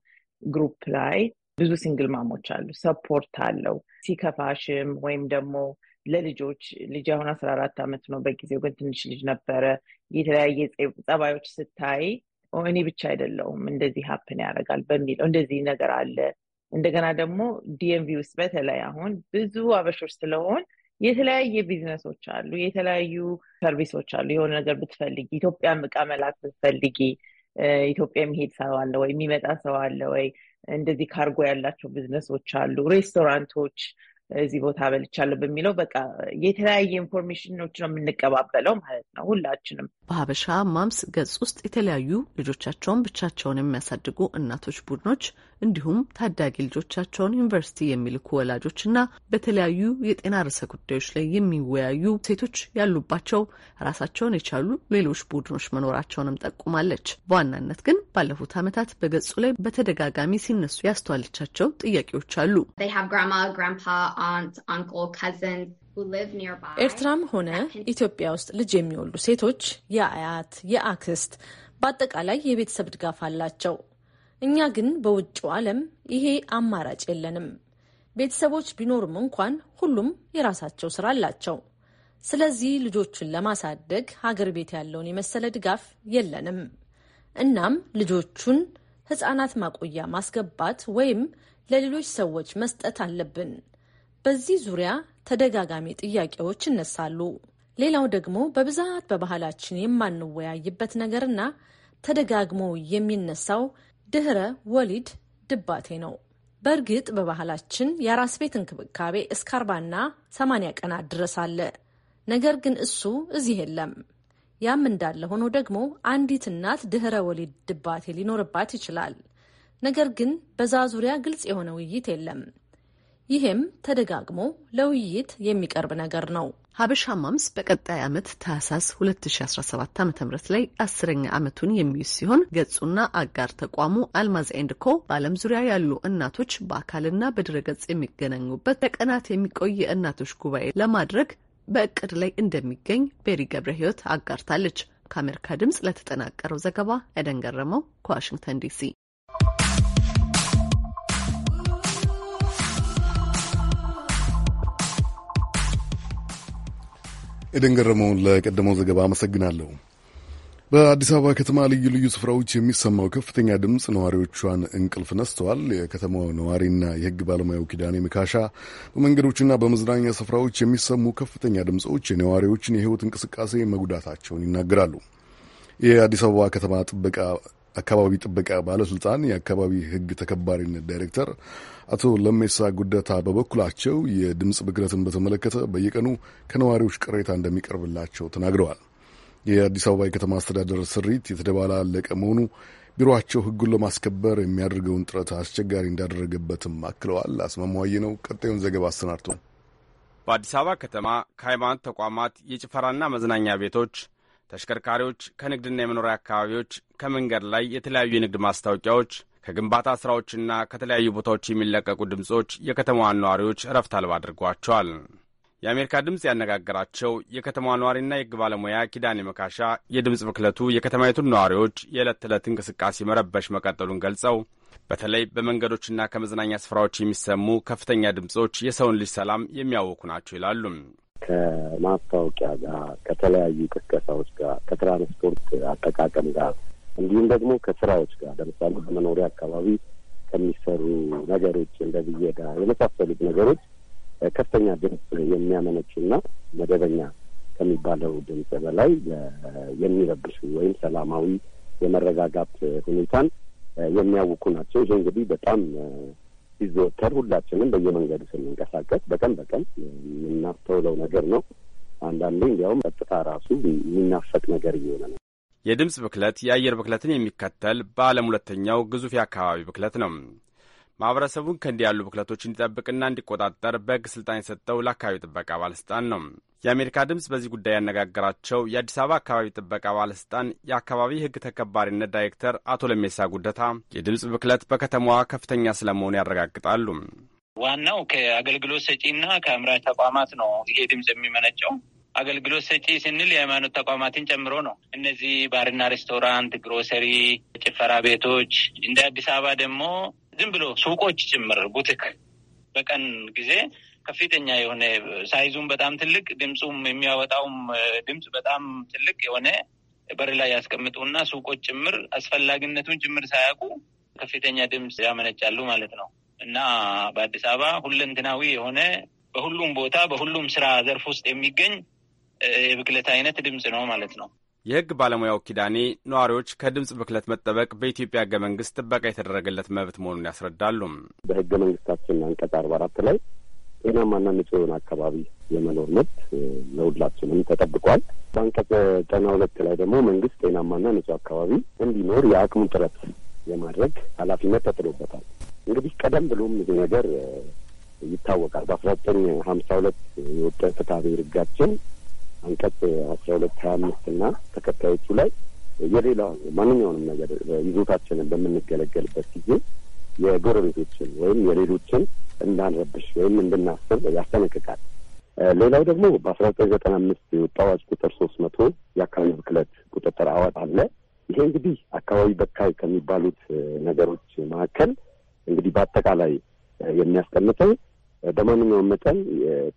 [SPEAKER 10] ግሩፕ ላይ ብዙ ሲንግል ማሞች አሉ። ሰፖርት አለው ሲከፋሽም ወይም ደግሞ ለልጆች ልጅ አሁን አስራ አራት ዓመት ነው። በጊዜው ግን ትንሽ ልጅ ነበረ። የተለያየ ጸባዮች ስታይ እኔ ብቻ አይደለውም እንደዚህ ሀፕን ያደርጋል በሚለው እንደዚህ ነገር አለ። እንደገና ደግሞ ዲኤምቪ ውስጥ በተለይ አሁን ብዙ አበሾች ስለሆን የተለያየ ቢዝነሶች አሉ፣ የተለያዩ ሰርቪሶች አሉ። የሆነ ነገር ብትፈልጊ ኢትዮጵያ ምቃ መላክ ብትፈልጊ ኢትዮጵያ የሚሄድ ሰው አለ ወይ? የሚመጣ ሰው አለ ወይ? እንደዚህ ካርጎ ያላቸው ቢዝነሶች አሉ፣ ሬስቶራንቶች፣ እዚህ ቦታ በልቻለሁ በሚለው በቃ የተለያየ ኢንፎርሜሽኖች ነው የምንቀባበለው ማለት ነው ሁላችንም።
[SPEAKER 12] በሀበሻ ማምስ ገጽ ውስጥ የተለያዩ ልጆቻቸውን ብቻቸውን የሚያሳድጉ እናቶች ቡድኖች እንዲሁም ታዳጊ ልጆቻቸውን ዩኒቨርሲቲ የሚልኩ ወላጆችና በተለያዩ የጤና ርዕሰ ጉዳዮች ላይ የሚወያዩ ሴቶች ያሉባቸው ራሳቸውን የቻሉ ሌሎች ቡድኖች መኖራቸውንም ጠቁማለች። በዋናነት ግን ባለፉት ዓመታት በገጹ ላይ በተደጋጋሚ ሲነሱ ያስተዋለቻቸው ጥያቄዎች አሉ።
[SPEAKER 13] ኤርትራም ሆነ ኢትዮጵያ ውስጥ ልጅ የሚወልዱ ሴቶች የአያት፣ የአክስት በአጠቃላይ የቤተሰብ ድጋፍ አላቸው። እኛ ግን በውጭው ዓለም ይሄ አማራጭ የለንም። ቤተሰቦች ቢኖርም እንኳን ሁሉም የራሳቸው ስራ አላቸው። ስለዚህ ልጆቹን ለማሳደግ ሀገር ቤት ያለውን የመሰለ ድጋፍ የለንም። እናም ልጆቹን ህጻናት ማቆያ ማስገባት ወይም ለሌሎች ሰዎች መስጠት አለብን። በዚህ ዙሪያ ተደጋጋሚ ጥያቄዎች ይነሳሉ። ሌላው ደግሞ በብዛት በባህላችን የማንወያይበት ነገርና ተደጋግሞ የሚነሳው ድህረ ወሊድ ድባቴ ነው። በእርግጥ በባህላችን የአራስ ቤት እንክብካቤ እስከ አርባና ሰማንያ ቀናት ድረስ አለ። ነገር ግን እሱ እዚህ የለም። ያም እንዳለ ሆኖ ደግሞ አንዲት እናት ድህረ ወሊድ ድባቴ ሊኖርባት ይችላል። ነገር ግን በዛ ዙሪያ ግልጽ የሆነ ውይይት የለም። ይህም ተደጋግሞ ለውይይት የሚቀርብ ነገር ነው። ሀበሻ ማምስ በቀጣይ ዓመት ታህሳስ
[SPEAKER 12] 2017 ዓ ም ላይ አስረኛ ዓመቱን የሚይዝ ሲሆን ገጹና አጋር ተቋሙ አልማዝ ኤንድ ኮ በዓለም ዙሪያ ያሉ እናቶች በአካልና በድረገጽ የሚገናኙበት ለቀናት የሚቆይ የእናቶች ጉባኤ ለማድረግ በእቅድ ላይ እንደሚገኝ ቤሪ ገብረ ህይወት አጋርታለች። ከአሜሪካ ድምጽ ለተጠናቀረው ዘገባ ያደን ገረመው ከዋሽንግተን ዲሲ
[SPEAKER 1] ኤደን ገረመውን ለቀደመው ዘገባ አመሰግናለሁ። በአዲስ አበባ ከተማ ልዩ ልዩ ስፍራዎች የሚሰማው ከፍተኛ ድምፅ ነዋሪዎቿን እንቅልፍ ነስተዋል። የከተማው ነዋሪና የሕግ ባለሙያው ኪዳኔ ምካሻ በመንገዶችና በመዝናኛ ስፍራዎች የሚሰሙ ከፍተኛ ድምፆች የነዋሪዎችን የሕይወት እንቅስቃሴ መጉዳታቸውን ይናገራሉ። የአዲስ አበባ ከተማ ጥበቃ አካባቢ ጥበቃ ባለስልጣን የአካባቢ ሕግ ተከባሪነት ዳይሬክተር አቶ ለሜሳ ጉደታ በበኩላቸው የድምፅ ብክለትን በተመለከተ በየቀኑ ከነዋሪዎች ቅሬታ እንደሚቀርብላቸው ተናግረዋል። የአዲስ አበባ የከተማ አስተዳደር ስሪት የተደባላለቀ መሆኑ ቢሮቸው ሕጉን ለማስከበር የሚያደርገውን ጥረት አስቸጋሪ እንዳደረገበትም አክለዋል። አስማማዋዬ ነው ቀጣዩን ዘገባ አሰናድቷል።
[SPEAKER 3] በአዲስ አበባ ከተማ ከሃይማኖት ተቋማት የጭፈራና መዝናኛ ቤቶች ተሽከርካሪዎች ከንግድና የመኖሪያ አካባቢዎች ከመንገድ ላይ የተለያዩ የንግድ ማስታወቂያዎች ከግንባታ ሥራዎችና ከተለያዩ ቦታዎች የሚለቀቁ ድምፆች የከተማዋን ነዋሪዎች እረፍት አልባ አድርጓቸዋል። የአሜሪካ ድምፅ ያነጋገራቸው የከተማዋ ነዋሪና የሕግ ባለሙያ ኪዳኔ መካሻ የድምፅ ብክለቱ የከተማይቱን ነዋሪዎች የዕለት ተዕለት እንቅስቃሴ መረበሽ መቀጠሉን ገልጸው በተለይ በመንገዶችና ከመዝናኛ ስፍራዎች የሚሰሙ ከፍተኛ ድምፆች የሰውን ልጅ ሰላም የሚያወኩ ናቸው ይላሉ።
[SPEAKER 7] ከማስታወቂያ ጋር፣ ከተለያዩ ቅስቀሳዎች ጋር፣ ከትራንስፖርት አጠቃቀም ጋር እንዲሁም ደግሞ ከስራዎች ጋር ለምሳሌ በመኖሪያ አካባቢ ከሚሰሩ ነገሮች እንደ ብየዳ የመሳሰሉት ነገሮች ከፍተኛ ድምፅ የሚያመነጩና መደበኛ ከሚባለው ድምፅ በላይ የሚረብሹ ወይም ሰላማዊ የመረጋጋት ሁኔታን የሚያውኩ ናቸው። ይሄ እንግዲህ በጣም ሲዘወተር ሁላችንም በየመንገዱ ስንንቀሳቀስ በቀን በቀን የምናስተውለው ነገር ነው። አንዳንዴ እንዲያውም ቀጥታ ራሱ የሚናፈቅ ነገር እየሆነ ነው።
[SPEAKER 3] የድምፅ ብክለት የአየር ብክለትን የሚከተል በዓለም ሁለተኛው ግዙፍ የአካባቢ ብክለት ነው። ማህበረሰቡን ከእንዲህ ያሉ ብክለቶች እንዲጠብቅና እንዲቆጣጠር በሕግ ስልጣን የሰጠው ለአካባቢ ጥበቃ ባለስልጣን ነው። የአሜሪካ ድምፅ በዚህ ጉዳይ ያነጋገራቸው የአዲስ አበባ አካባቢ ጥበቃ ባለስልጣን የአካባቢ ሕግ ተከባሪነት ዳይሬክተር አቶ ለሜሳ ጉደታ የድምፅ ብክለት በከተማዋ ከፍተኛ ስለመሆኑ ያረጋግጣሉ።
[SPEAKER 14] ዋናው ከአገልግሎት ሰጪና ከአምራች ተቋማት ነው ይሄ ድምፅ የሚመነጨው። አገልግሎት ሰጪ ስንል የሃይማኖት ተቋማትን ጨምሮ ነው። እነዚህ ባርና ሬስቶራንት፣ ግሮሰሪ፣ ጭፈራ ቤቶች እንደ አዲስ አበባ ደግሞ ዝም ብሎ ሱቆች ጭምር ቡቲክ በቀን ጊዜ ከፍተኛ የሆነ ሳይዙም በጣም ትልቅ ድምፁም የሚያወጣውም ድምፅ በጣም ትልቅ የሆነ በር ላይ ያስቀምጡና ሱቆች ጭምር አስፈላጊነቱን ጭምር ሳያውቁ ከፍተኛ ድምፅ ያመነጫሉ ማለት ነው እና በአዲስ አበባ ሁለንትናዊ የሆነ በሁሉም ቦታ በሁሉም ስራ ዘርፍ ውስጥ የሚገኝ የብክለት አይነት ድምፅ ነው ማለት ነው።
[SPEAKER 3] የሕግ ባለሙያው ኪዳኔ ነዋሪዎች ከድምፅ ብክለት መጠበቅ በኢትዮጵያ ሕገ መንግስት ጥበቃ የተደረገለት መብት መሆኑን ያስረዳሉ።
[SPEAKER 7] በሕገ መንግስታችን አንቀጽ አርባ አራት ላይ ጤናማና ንጹህ የሆነ አካባቢ የመኖር መብት ለሁላችንም ተጠብቋል። በአንቀጽ ዘጠና ሁለት ላይ ደግሞ መንግስት ጤናማና ንጹህ አካባቢ እንዲኖር የአቅሙ ጥረት የማድረግ ኃላፊነት ተጥሎበታል። እንግዲህ ቀደም ብሎም ይሄ ነገር ይታወቃል። በአስራ ዘጠኝ ሀምሳ ሁለት የወጣ ፍትሐ ብሔር አንቀጽ አስራ ሁለት ሀያ አምስት እና ተከታዮቹ ላይ የሌላው ማንኛውንም ነገር ይዞታችንን በምንገለገልበት ጊዜ የጎረቤቶችን ወይም የሌሎችን እንዳንረብሽ ወይም እንድናስብ ያስጠነቅቃል። ሌላው ደግሞ በአስራ ዘጠኝ ዘጠና አምስት የወጣው አዋጅ ቁጥር ሶስት መቶ የአካባቢ ብክለት ቁጥጥር አዋጅ አለ። ይሄ እንግዲህ አካባቢ በካይ ከሚባሉት ነገሮች መካከል እንግዲህ በአጠቃላይ የሚያስቀምጠው በማንኛውም መጠን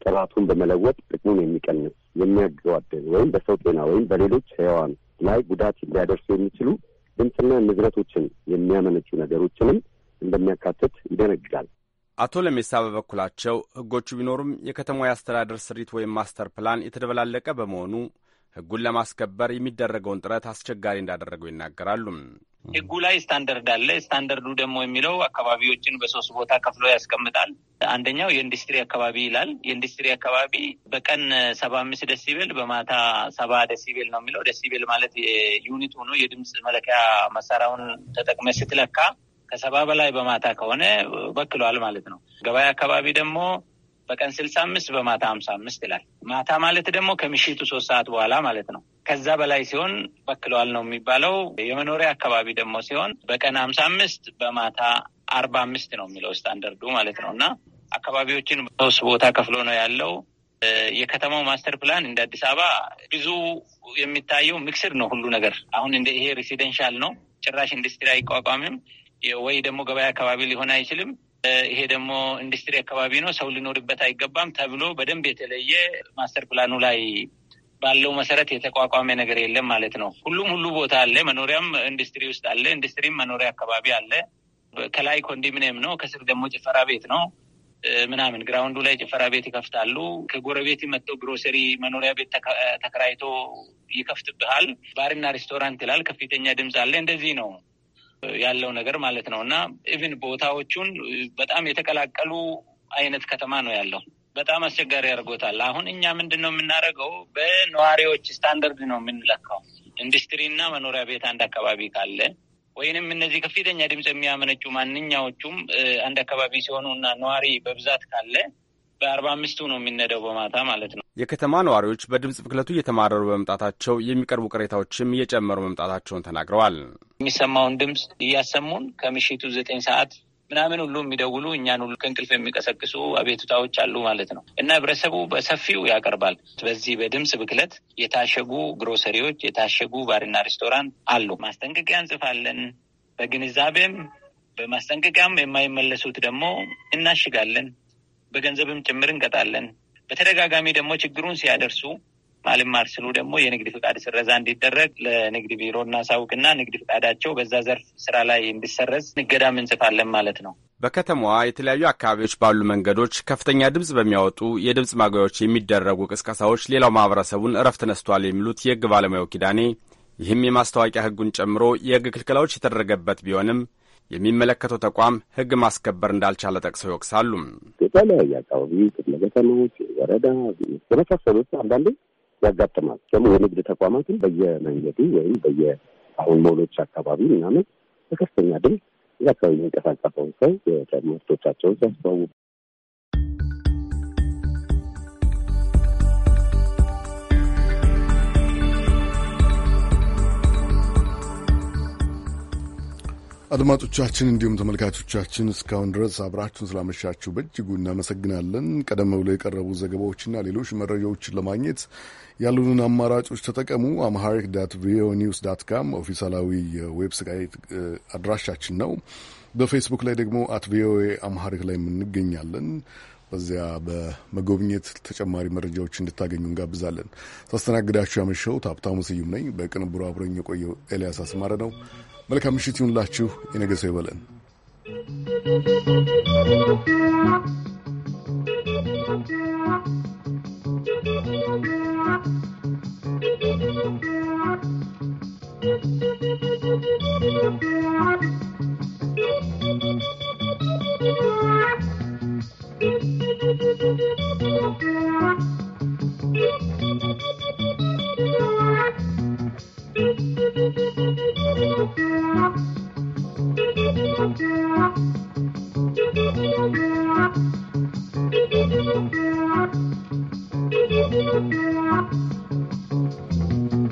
[SPEAKER 7] ጥራቱን በመለወጥ ጥቅሙን የሚቀንስ የሚያገዋደል ወይም በሰው ጤና ወይም በሌሎች ሕያዋን ላይ ጉዳት ሊያደርሱ የሚችሉ ድምፅና ንዝረቶችን የሚያመነጩ ነገሮችንም እንደሚያካትት ይደነግጋል።
[SPEAKER 3] አቶ ለሜሳ በበኩላቸው ሕጎቹ ቢኖሩም የከተማው የአስተዳደር ስሪት ወይም ማስተር ፕላን የተደበላለቀ በመሆኑ ሕጉን ለማስከበር የሚደረገውን ጥረት አስቸጋሪ እንዳደረገው ይናገራሉ።
[SPEAKER 14] ህጉ ላይ ስታንደርድ አለ። ስታንደርዱ ደግሞ የሚለው አካባቢዎችን በሶስት ቦታ ከፍሎ ያስቀምጣል። አንደኛው የኢንዱስትሪ አካባቢ ይላል። የኢንዱስትሪ አካባቢ በቀን ሰባ አምስት ደሲቤል በማታ ሰባ ደሲቤል ነው የሚለው። ደሲቤል ማለት የዩኒት ሆኖ የድምፅ መለኪያ መሳሪያውን ተጠቅመ ስትለካ ከሰባ በላይ በማታ ከሆነ በክሏል ማለት ነው። ገበያ አካባቢ ደግሞ በቀን ስልሳ አምስት በማታ ሀምሳ አምስት ይላል። ማታ ማለት ደግሞ ከምሽቱ ሶስት ሰዓት በኋላ ማለት ነው። ከዛ በላይ ሲሆን በክለዋል ነው የሚባለው። የመኖሪያ አካባቢ ደግሞ ሲሆን በቀን ሀምሳ አምስት በማታ አርባ አምስት ነው የሚለው ስታንደርዱ ማለት ነው። እና አካባቢዎችን ሶስት ቦታ ከፍሎ ነው ያለው። የከተማው ማስተር ፕላን እንደ አዲስ አበባ ብዙ የሚታየው ሚክስድ ነው ሁሉ ነገር። አሁን እንደ ይሄ ሬሲደንሻል ነው ጭራሽ ኢንዱስትሪ አይቋቋምም ወይ ደግሞ ገበያ አካባቢ ሊሆን አይችልም። ይሄ ደግሞ ኢንዱስትሪ አካባቢ ነው፣ ሰው ሊኖርበት አይገባም ተብሎ በደንብ የተለየ ማስተር ፕላኑ ላይ ባለው መሰረት የተቋቋመ ነገር የለም ማለት ነው። ሁሉም ሁሉ ቦታ አለ። መኖሪያም ኢንዱስትሪ ውስጥ አለ፣ ኢንዱስትሪም መኖሪያ አካባቢ አለ። ከላይ ኮንዶሚኒየም ነው፣ ከስር ደግሞ ጭፈራ ቤት ነው ምናምን ግራውንዱ ላይ ጭፈራ ቤት ይከፍታሉ። ከጎረቤት መጥተው ግሮሰሪ መኖሪያ ቤት ተከራይቶ ይከፍትብሃል። ባርና ሬስቶራንት ይላል። ከፍተኛ ድምፅ አለ። እንደዚህ ነው ያለው ነገር ማለት ነው እና ኢቭን ቦታዎቹን በጣም የተቀላቀሉ አይነት ከተማ ነው ያለው። በጣም አስቸጋሪ ያደርጎታል። አሁን እኛ ምንድን ነው የምናደርገው? በነዋሪዎች ስታንደርድ ነው የምንለካው። ኢንዱስትሪ እና መኖሪያ ቤት አንድ አካባቢ ካለ ወይንም እነዚህ ከፍተኛ ድምፅ የሚያመነጩ ማንኛዎቹም አንድ አካባቢ ሲሆኑ እና ነዋሪ በብዛት ካለ በአርባ አምስቱ ነው የሚነደው በማታ ማለት ነው።
[SPEAKER 3] የከተማ ነዋሪዎች በድምፅ ብክለቱ እየተማረሩ በመምጣታቸው የሚቀርቡ ቅሬታዎችም እየጨመሩ መምጣታቸውን ተናግረዋል።
[SPEAKER 14] የሚሰማውን ድምፅ እያሰሙን ከምሽቱ ዘጠኝ ሰዓት ምናምን ሁሉ የሚደውሉ እኛን ሁሉ ከእንቅልፍ የሚቀሰቅሱ አቤቱታዎች አሉ ማለት ነው እና ህብረተሰቡ በሰፊው ያቀርባል። በዚህ በድምፅ ብክለት የታሸጉ ግሮሰሪዎች፣ የታሸጉ ባርና ሬስቶራንት አሉ። ማስጠንቀቂያ እንጽፋለን። በግንዛቤም በማስጠንቀቂያም የማይመለሱት ደግሞ እናሽጋለን። በገንዘብም ጭምር እንቀጣለን። በተደጋጋሚ ደግሞ ችግሩን ሲያደርሱ ማልማር ስሉ ደግሞ የንግድ ፍቃድ ስረዛ እንዲደረግ ለንግድ ቢሮ እናሳውቅና ንግድ ፍቃዳቸው በዛ ዘርፍ ስራ ላይ እንዲሰረዝ እገዳም እንጽፋለን ማለት ነው።
[SPEAKER 3] በከተማዋ የተለያዩ አካባቢዎች ባሉ መንገዶች ከፍተኛ ድምፅ በሚያወጡ የድምፅ ማጉያዎች የሚደረጉ ቅስቀሳዎች ሌላው ማህበረሰቡን እረፍት ነስቷል የሚሉት የህግ ባለሙያው ኪዳኔ፣ ይህም የማስታወቂያ ህጉን ጨምሮ የህግ ክልክላዎች የተደረገበት ቢሆንም የሚመለከተው ተቋም ህግ ማስከበር እንዳልቻለ ጠቅሰው ይወቅሳሉ።
[SPEAKER 7] የተለያየ አካባቢ ክፍለ ከተማዎች፣ ወረዳ የመሳሰሉት አንዳንዴ ያጋጥማል። ደግሞ የንግድ ተቋማትን በየመንገዱ ወይም በየአሁን ሞሎች አካባቢ ምናምን በከፍተኛ ድምፅ እዛ አካባቢ የሚንቀሳቀሰውን ሰው ምርቶቻቸውን ሲያስተዋውቁ
[SPEAKER 1] አድማጮቻችን እንዲሁም ተመልካቾቻችን እስካሁን ድረስ አብራችሁን ስላመሻችሁ በእጅጉ እናመሰግናለን። ቀደም ብሎ የቀረቡ ዘገባዎችና ሌሎች መረጃዎችን ለማግኘት ያሉንን አማራጮች ተጠቀሙ። አምሃሪክ ዳት ቪኦኤ ኒውስ ዳት ካም ኦፊሳላዊ የዌብሳይት አድራሻችን ነው። በፌስቡክ ላይ ደግሞ አት ቪኦኤ አምሃሪክ ላይ እንገኛለን። በዚያ በመጎብኘት ተጨማሪ መረጃዎች እንድታገኙ እንጋብዛለን። ሳስተናግዳችሁ ያመሸሁት ሀብታሙ ስዩም ነኝ። በቅንብሩ አብረኝ የቆየው ኤልያስ አስማረ ነው። መልካም ምሽት ይሁንላችሁ። የነገ ሰው ይበለን።
[SPEAKER 2] Thank you.